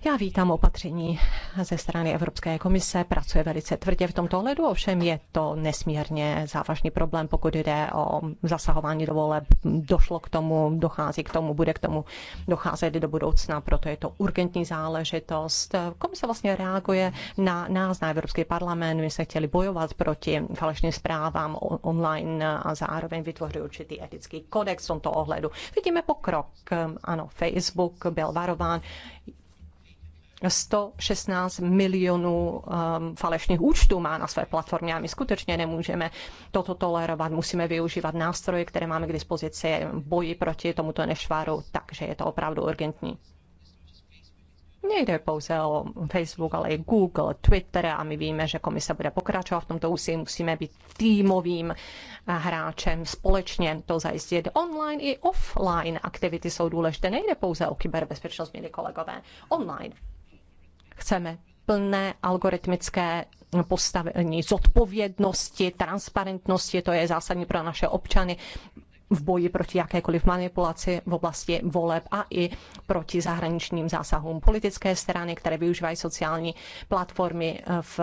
Já vítám opatření ze strany Evropské komise, pracuje velice tvrdě v tomto ohledu, ovšem je to nesmírně závažný problém, pokud jde o zasahování do voleb. Došlo k tomu, dochází k tomu, bude k tomu docházet i do budoucna, proto je to urgentní záležitost. Komise vlastně reaguje na nás, na Evropský parlament, my se chtěli bojovat proti falešným zprávám online a zároveň vytvořit určitý etický kodex v tomto ohledu. Vidíme pokrok. Ano, Facebook byl varován, 116 milionů um, falešných účtů má na své platformě a my skutečně nemůžeme toto tolerovat. Musíme využívat nástroje, které máme k dispozici boji proti tomuto nešvaru, takže je to opravdu urgentní. Nejde pouze o Facebook, ale i Google, Twitter a my víme, že komise bude pokračovat v tomto úsilí. Musíme být týmovým hráčem, společně to zajistit. Online i offline aktivity jsou důležité. Nejde pouze o kyberbezpečnost, milí kolegové. Online Chceme plné algoritmické postavení, zodpovědnosti, transparentnosti, to je zásadní pro naše občany v boji proti jakékoliv manipulaci v oblasti voleb a i proti zahraničním zásahům. Politické strany, které využívají sociální platformy v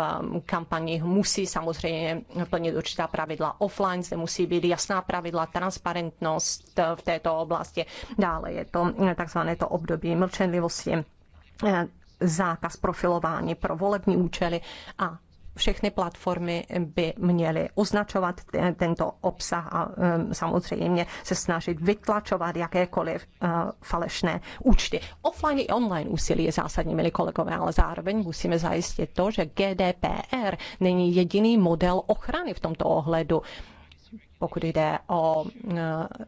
kampani, musí samozřejmě plnit určitá pravidla offline, zde musí být jasná pravidla, transparentnost v této oblasti. Dále je to takzvané to období mlčenlivosti zákaz profilování pro volební účely a všechny platformy by měly označovat tento obsah a e, samozřejmě se snažit vytlačovat jakékoliv e, falešné účty. Offline i online úsilí je zásadní, milí kolegové, ale zároveň musíme zajistit to, že GDPR není jediný model ochrany v tomto ohledu pokud jde o eh,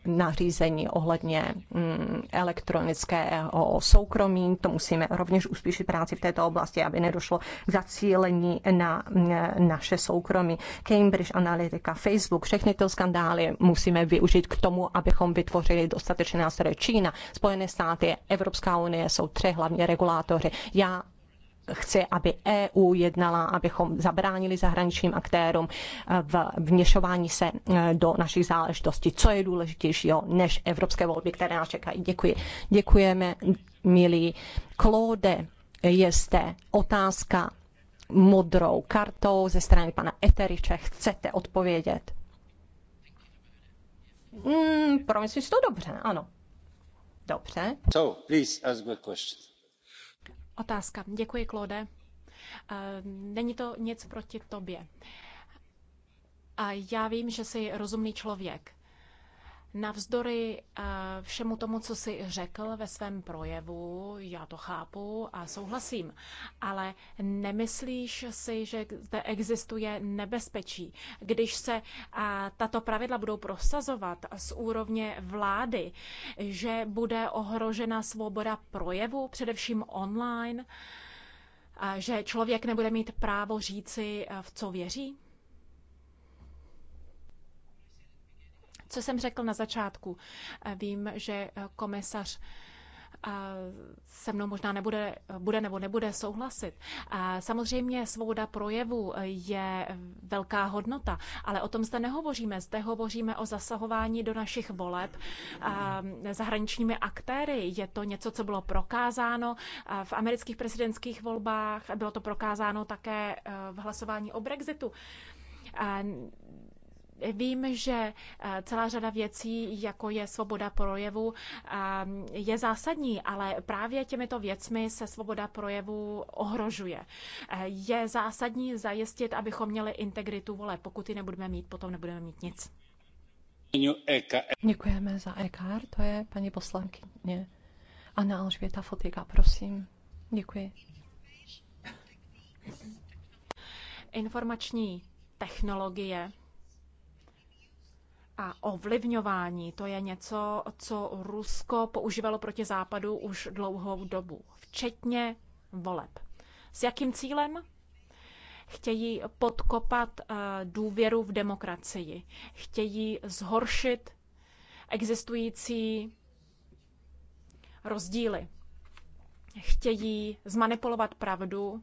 nařízení ohledně mm, elektronického soukromí. To musíme rovněž uspíšit práci v této oblasti, aby nedošlo k zacílení na eh, naše soukromí. Cambridge Analytica, Facebook, všechny ty skandály musíme využít k tomu, abychom vytvořili dostatečné nástroje. Čína, Spojené státy, Evropská unie jsou tři hlavní regulátoři. Já chci, aby EU jednala, abychom zabránili zahraničním aktérům eh, v vněšování se eh, do našich záležitostí. Co je důležitějšího než evropské volby, které nás čekají? Děkuji. Děkujeme, milí. Claude, je zde otázka modrou kartou ze strany pana Eteriče. Chcete odpovědět? Mm, promyslíš to dobře, ano. Dobře. So, please ask a question. Otázka. Děkuji, Klode. Eh, není to nic proti tobě. A já vím, že jsi rozumný člověk. Navzdory eh, všemu tomu, co si řekl ve svém projevu, já to chápu a souhlasím, ale nemyslíš si, že zde existuje nebezpečí, když se eh, tato pravidla budou prosazovat z úrovně vlády, že bude ohrožena svoboda projevu, především online, že člověk nebude mít právo říci, eh, v co věří? co jsem řekl na začátku. Eh, vím, že eh, komisař eh, se mnou možná nebude, bude nebo nebude souhlasit. Samozřejmě svoboda projevu je velká hodnota, ale o tom zde nehovoříme. Zde hovoříme o zasahování do našich voleb zahraničními aktéry. Je to něco, co bylo prokázáno v amerických prezidentských volbách, bylo to prokázáno také v hlasování o Brexitu Vím, že eh, celá řada věcí, jako je svoboda projevu, eh, je zásadní, ale právě těmito věcmi se svoboda projevu ohrožuje. Eh, je zásadní zajistit, abychom měli integritu vole. Pokud ji nebudeme mít, potom nebudeme mít nic. Děkujeme za EKR, to je paní poslankyně Anna Alžběta Fotika, prosím. Děkuji. Informační technologie a ovlivňování, to je něco, co Rusko používalo proti Západu už dlouhou dobu, včetně voleb. S jakým cílem? Chtějí podkopat eh, důvěru v demokracii, chtějí zhoršit existující rozdíly, chtějí zmanipulovat pravdu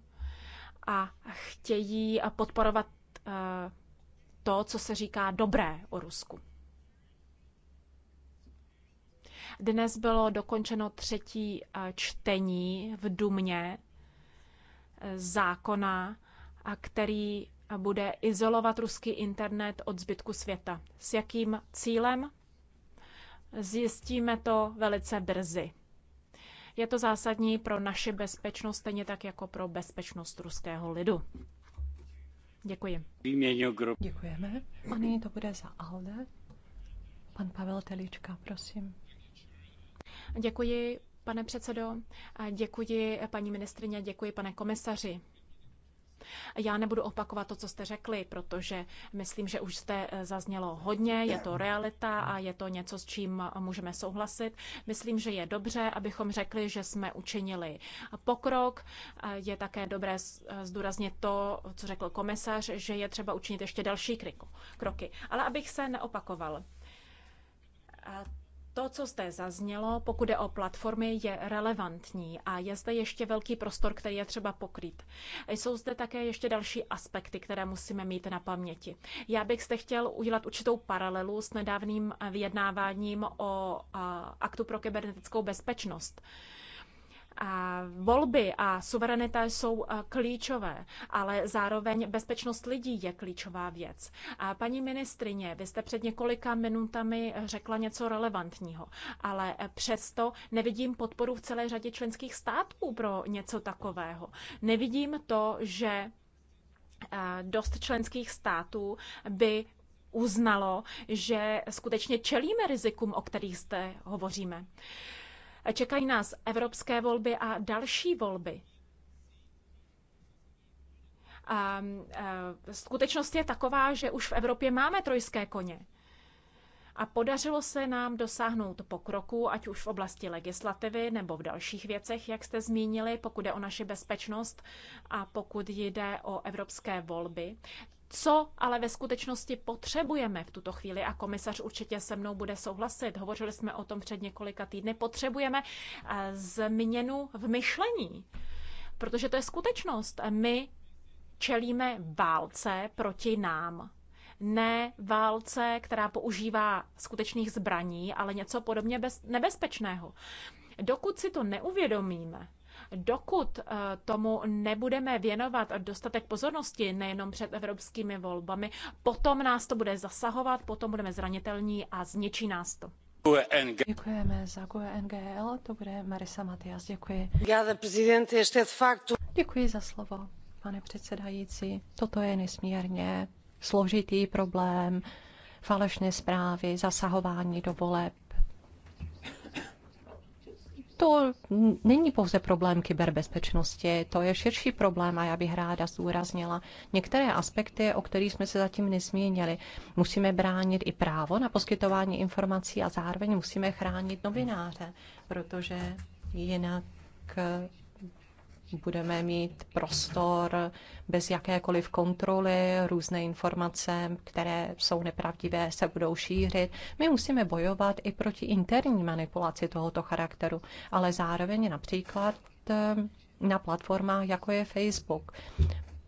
a chtějí podporovat eh, to, co se říká dobré o Rusku. Dnes bylo dokončeno třetí eh, čtení v Dumě eh, zákona, který eh, bude izolovat ruský internet od zbytku světa. S jakým cílem? Zjistíme to velice brzy. Je to zásadní pro naši bezpečnost, stejně tak jako pro bezpečnost ruského lidu. Děkuji. Děkujeme. A nyní to bude za Alde. Pan Pavel Telička, prosím. Děkuji, pane předsedo, děkuji, paní ministrině, děkuji, pane komisaři. Já nebudu opakovat to, co jste řekli, protože myslím, že už jste eh, zaznělo hodně, je to realita a je to něco, s čím můžeme souhlasit. Myslím, že je dobře, abychom řekli, že jsme učinili pokrok. Eh, je také dobré eh, zdůraznit to, co řekl komisař, že je třeba učinit ještě další kroky. Ale abych se neopakoval to, co zde zaznělo, pokud je o platformy, je relevantní a je zde ještě velký prostor, který je třeba pokrýt. Jsou zde také ještě další aspekty, které musíme mít na paměti. Já bych zde chtěl udělat určitou paralelu s nedávným vyjednáváním o aktu pro kybernetickou bezpečnost. Volby a suverenita jsou eh, klíčové, ale zároveň bezpečnost lidí je klíčová věc. Paní ministrině, vy jste před několika minutami eh, řekla něco relevantního, ale eh, přesto nevidím podporu v celé řadě členských států pro něco takového. Nevidím to, že dost členských států by uznalo, že skutečně čelíme rizikům, o kterých zde hovoříme. Čekají nás evropské volby a další volby. A, skutečnost je taková, že už v Evropě máme trojské koně. A podařilo se nám dosáhnout pokroku, ať už v oblasti legislativy nebo v dalších věcech, jak jste zmínili, pokud jde o naši bezpečnost a pokud jde o evropské volby co ale ve skutečnosti potřebujeme v tuto chvíli a komisař určitě se mnou bude souhlasit. Hovořili jsme o tom před několika týdny. Potřebujeme eh, změnu v myšlení, protože to je skutečnost. My čelíme válce proti nám. Ne válce, která používá skutečných zbraní, ale něco podobně bez, nebezpečného. Dokud si to neuvědomíme, Dokud eh, tomu nebudeme věnovat dostatek pozornosti, nejenom před evropskými volbami, potom nás to bude zasahovat, potom budeme zranitelní a zničí nás to. Děkujeme za GUE NGL, to bude Marisa Matias, děkuji. Děkuji za slovo, pane předsedající. Toto je nesmírně složitý problém, falešné zprávy, zasahování do voleb to není pouze problém kyberbezpečnosti, to je širší problém a já bych ráda zúraznila některé aspekty, o kterých jsme se zatím nesmínili. Musíme bránit i právo na poskytování informací a zároveň musíme chránit novináře, protože jinak budeme mít prostor bez jakékoliv kontroly, různé informace, které jsou nepravdivé, se budou šířit. My musíme bojovat i proti interní manipulaci tohoto charakteru, ale zároveň například eh, na platformách, jako je Facebook.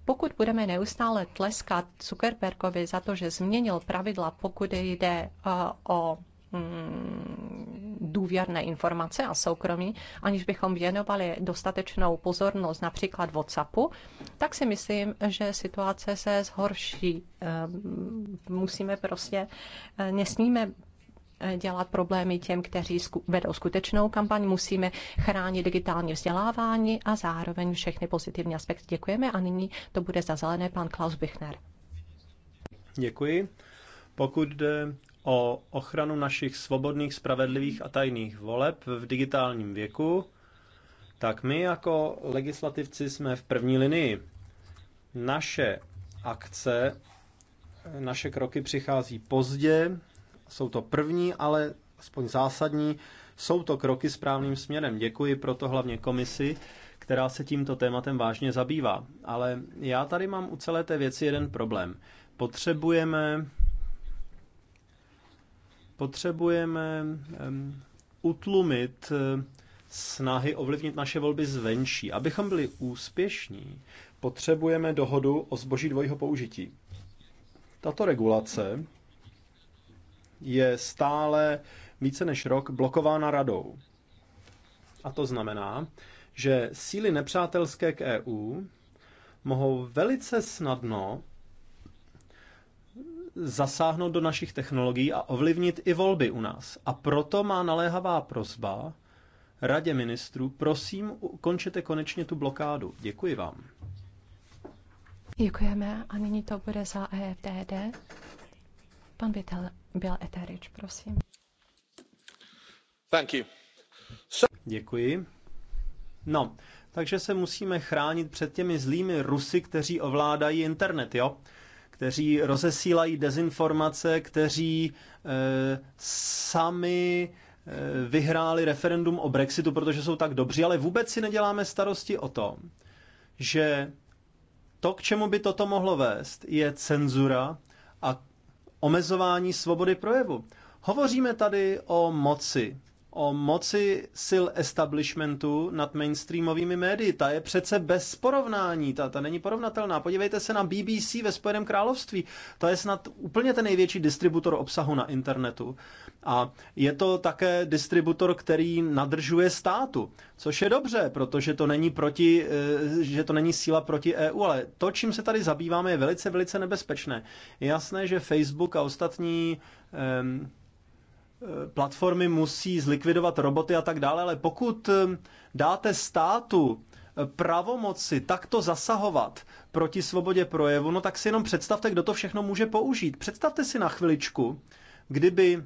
Pokud budeme neustále tleskat Zuckerbergovi za to, že změnil pravidla, pokud jde eh, o Mm, důvěrné informace a soukromí, aniž bychom věnovali dostatečnou pozornost například WhatsAppu, tak si myslím, že situace se zhorší. Ehm, musíme prostě, eh, nesmíme eh, dělat problémy těm, kteří vedou skutečnou kampaň. Musíme chránit digitální vzdělávání a zároveň všechny pozitivní aspekty. Děkujeme a nyní to bude za zelené pan Klaus Bichner. Děkuji. Pokud jde o ochranu našich svobodných, spravedlivých a tajných voleb v digitálním věku, tak my jako legislativci jsme v první linii. Naše akce, naše kroky přichází pozdě, jsou to první, ale aspoň zásadní, jsou to kroky správným směrem. Děkuji proto hlavně komisi, která se tímto tématem vážně zabývá. Ale já tady mám u celé té věci jeden problém. Potřebujeme Potřebujeme utlumit eh, snahy ovlivnit naše volby zvenčí. Abychom byli úspěšní, potřebujeme dohodu o zboží dvojího použití. Tato regulace je stále více než rok blokována radou. A to znamená, že síly nepřátelské k EU mohou velice snadno zasáhnout do našich technologií a ovlivnit i volby u nás. A proto má naléhavá prozba radě ministrů, prosím, ukončete konečně tu blokádu. Děkuji vám. Děkujeme a nyní to bude za EFDD. Pan Vitel byl Eterič, prosím. Thank you. So... Děkuji. No, takže se musíme chránit před těmi zlými Rusy, kteří ovládají internet, jo? kteří rozesílají dezinformace, kteří e, sami e, vyhráli referendum o Brexitu, protože jsou tak dobří, ale vůbec si neděláme starosti o tom, že to, k čemu by toto mohlo vést, je cenzura a omezování svobody projevu. Hovoříme tady o moci, o moci sil establishmentu nad mainstreamovými médii. Ta je přece bez porovnání, ta, ta není porovnatelná. Podívejte se na BBC ve Spojeném království. To je snad úplně ten největší distributor obsahu na internetu. A je to také distributor, který nadržuje státu, což je dobře, protože to není, proti, eh, že to není síla proti EU, ale to, čím se tady zabýváme, je velice, velice nebezpečné. Je jasné, že Facebook a ostatní platformy musí zlikvidovat roboty a tak dále, ale pokud eh, dáte státu eh, pravomoci takto zasahovat proti svobodě projevu, no tak si jenom představte, kdo to všechno může použít. Představte si na chviličku, kdyby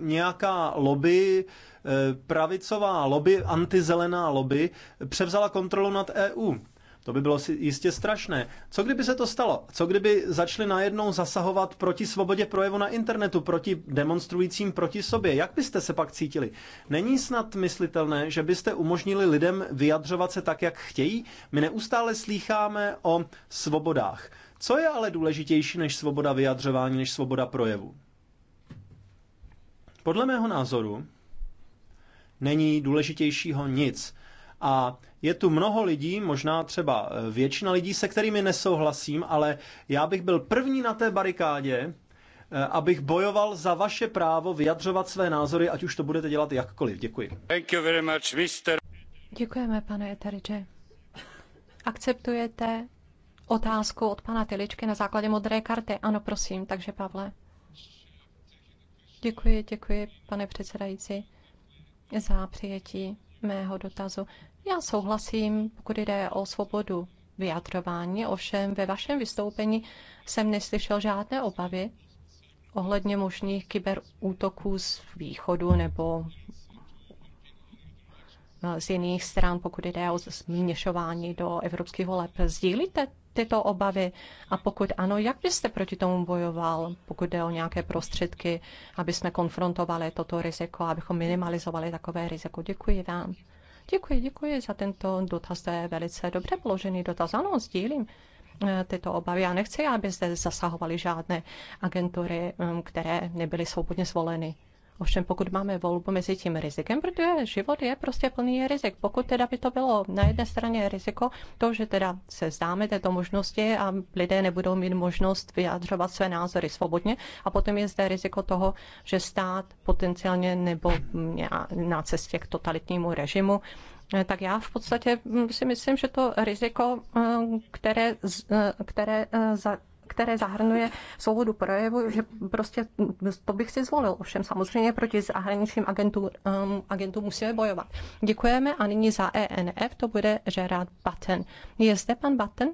nějaká lobby, eh, pravicová lobby, antizelená lobby, převzala kontrolu nad EU. To by bylo jistě strašné. Co kdyby se to stalo? Co kdyby začali najednou zasahovat proti svobodě projevu na internetu, proti demonstrujícím proti sobě? Jak byste se pak cítili? Není snad myslitelné, že byste umožnili lidem vyjadřovat se tak, jak chtějí? My neustále slýcháme o svobodách. Co je ale důležitější než svoboda vyjadřování, než svoboda projevu? Podle mého názoru není důležitějšího nic. A je tu mnoho lidí, možná třeba e, většina lidí, se kterými nesouhlasím, ale já bych byl první na té barikádě, e, abych bojoval za vaše právo vyjadřovat své názory, ať už to budete dělat jakkoliv. Děkuji. Thank you very much, Mr. Děkujeme, pane Eteridže. Akceptujete otázku od pana Tiličky na základě modré karty? Ano, prosím, takže Pavle. Děkuji, děkuji, pane předsedající, za přijetí mého dotazu. Já souhlasím, pokud jde o svobodu vyjadřování, ovšem ve vašem vystoupení jsem neslyšel žádné obavy ohledně možných kyberútoků z východu nebo z jiných stran, pokud jde o změšování do evropských voleb. Sdílíte tyto obavy? A pokud ano, jak byste proti tomu bojoval, pokud jde o nějaké prostředky, aby jsme konfrontovali toto riziko, abychom minimalizovali takové riziko? Děkuji vám. Děkuji, děkuji za tento dotaz. To je velice dobře položený dotaz. Ano, sdílím eh, tyto obavy. Já nechci, aby zde zasahovaly žádné agentury, mm, které nebyly svobodně zvoleny. Ovšem pokud máme volbu mezi tím rizikem, protože život je prostě plný rizik. Pokud teda by to bylo na jedné straně riziko, to, že teda se zdáme této možnosti a lidé nebudou mít možnost vyjadřovat své názory svobodně a potom je zde riziko toho, že stát potenciálně nebo na cestě k totalitnímu režimu eh, tak já v podstatě hm, si myslím, že to riziko, hm, které, eh, které eh, za, které zahrnuje svobodu projevu, že prostě to bych si zvolil. Ovšem samozřejmě proti zahraničním agentům, um, musíme bojovat. Děkujeme a nyní za ENF to bude Gerard Batten. Je zde pan Batten?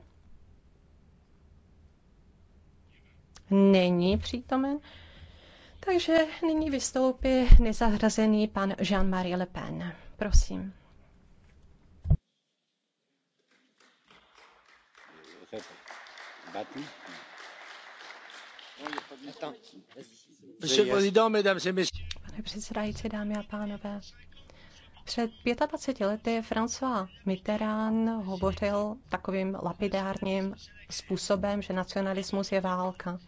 Není přítomen. Takže nyní vystoupí nezahrazený pan Jean-Marie Le Pen. Prosím. Button. Pane předsedající, dámy a pánové, před 25 lety François Mitterrand hovořil takovým lapidárním způsobem, že nacionalismus je válka.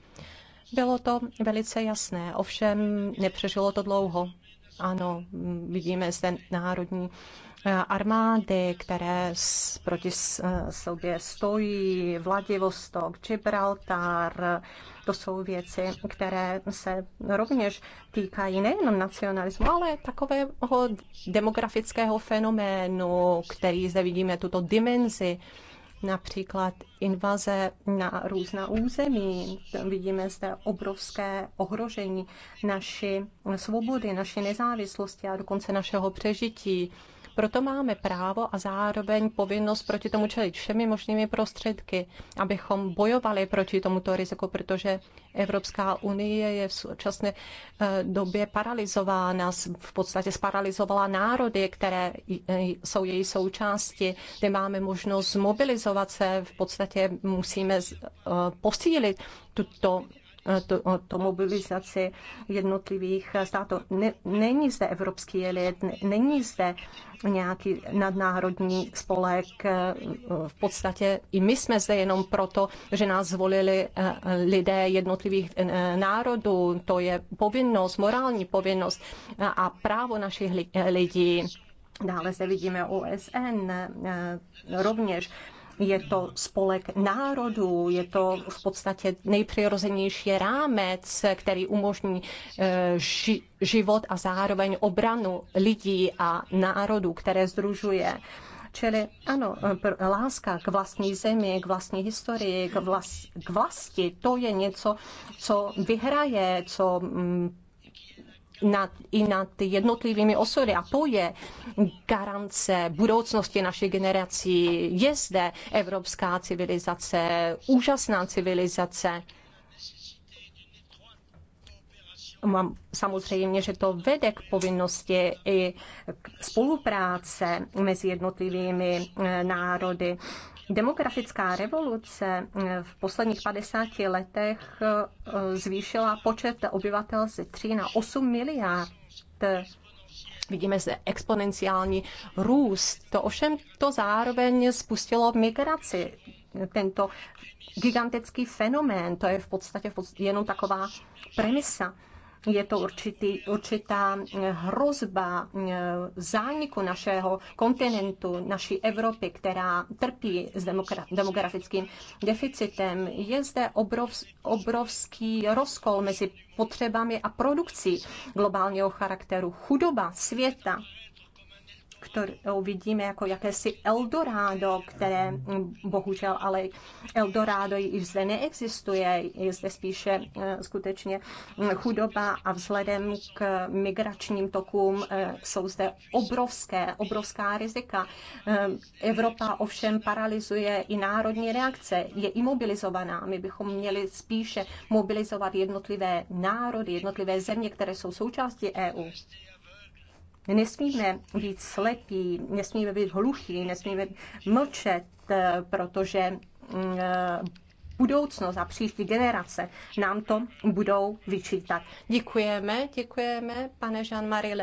Bylo to velice jasné, ovšem nepřežilo to dlouho. Ano, vidíme zde národní Eh, armády, které proti eh, sobě stojí, Vladivostok, Gibraltar, to jsou věci, které se rovněž týkají nejenom nacionalismu, ale takového demografického fenoménu, který zde vidíme, tuto dimenzi, například invaze na různá území. Vidíme zde obrovské ohrožení naší svobody, naší nezávislosti a dokonce našeho přežití. Proto máme právo a zároveň povinnost proti tomu čelit všemi možnými prostředky, abychom bojovali proti tomuto riziku, protože Evropská unie je v současné eh, době paralizována, v podstatě sparalizovala národy, které eh, jsou její součásti. máme možnost zmobilizovat se, v podstatě musíme eh, posílit tuto Eh, to, to mobilizaci jednotlivých států. Ne, není zde evropský elit, není zde nějaký nadnárodní spolek. Eh, v podstatě i my jsme zde jenom proto, že nás zvolili eh, lidé jednotlivých národů. To je povinnost, morální povinnost a právo našich lidí. Dále se vidíme OSN rovněž je to spolek národů, je to v podstatě nejpřirozenější rámec, který umožní eh, ži, život a zároveň obranu lidí a národů, které združuje. Čili ano, láska k vlastní zemi, k vlastní historii, k, vlas- k vlasti, to je něco, co vyhraje, co mm, nad, i nad jednotlivými osory. A to je garance budoucnosti našich generací. Je zde evropská civilizace, úžasná civilizace. Mám samozřejmě, že to vede k povinnosti i k spolupráce mezi jednotlivými eh, národy. Demografická revoluce eh, v posledních 50 letech eh, zvýšila počet obyvatel ze 3 na 8 miliard vidíme zde exponenciální růst. To ovšem to zároveň spustilo migraci. Tento gigantický fenomén, to je v podstatě jenom taková premisa. Je to určitý, určitá hrozba eh, zániku našeho kontinentu, naší Evropy, která trpí s demografickým deficitem. Je zde obrovský rozkol mezi potřebami a produkcí globálního charakteru. Chudoba světa kterou vidíme jako jakési Eldorado, které mm, bohužel ale Eldorado i zde neexistuje, je zde spíše eh, skutečně mm, chudoba a vzhledem k migračním tokům eh, jsou zde obrovské, obrovská rizika. Eh, Evropa ovšem paralizuje i národní reakce, je imobilizovaná. My bychom měli spíše mobilizovat jednotlivé národy, jednotlivé země, které jsou součástí EU. Nesmíme být slepí, nesmíme být hluchí, nesmíme mlčet, eh, protože mm, eh, budoucnost a příští generace nám to budou vyčítat. Děkujeme, děkujeme, pane Jean-Marie Le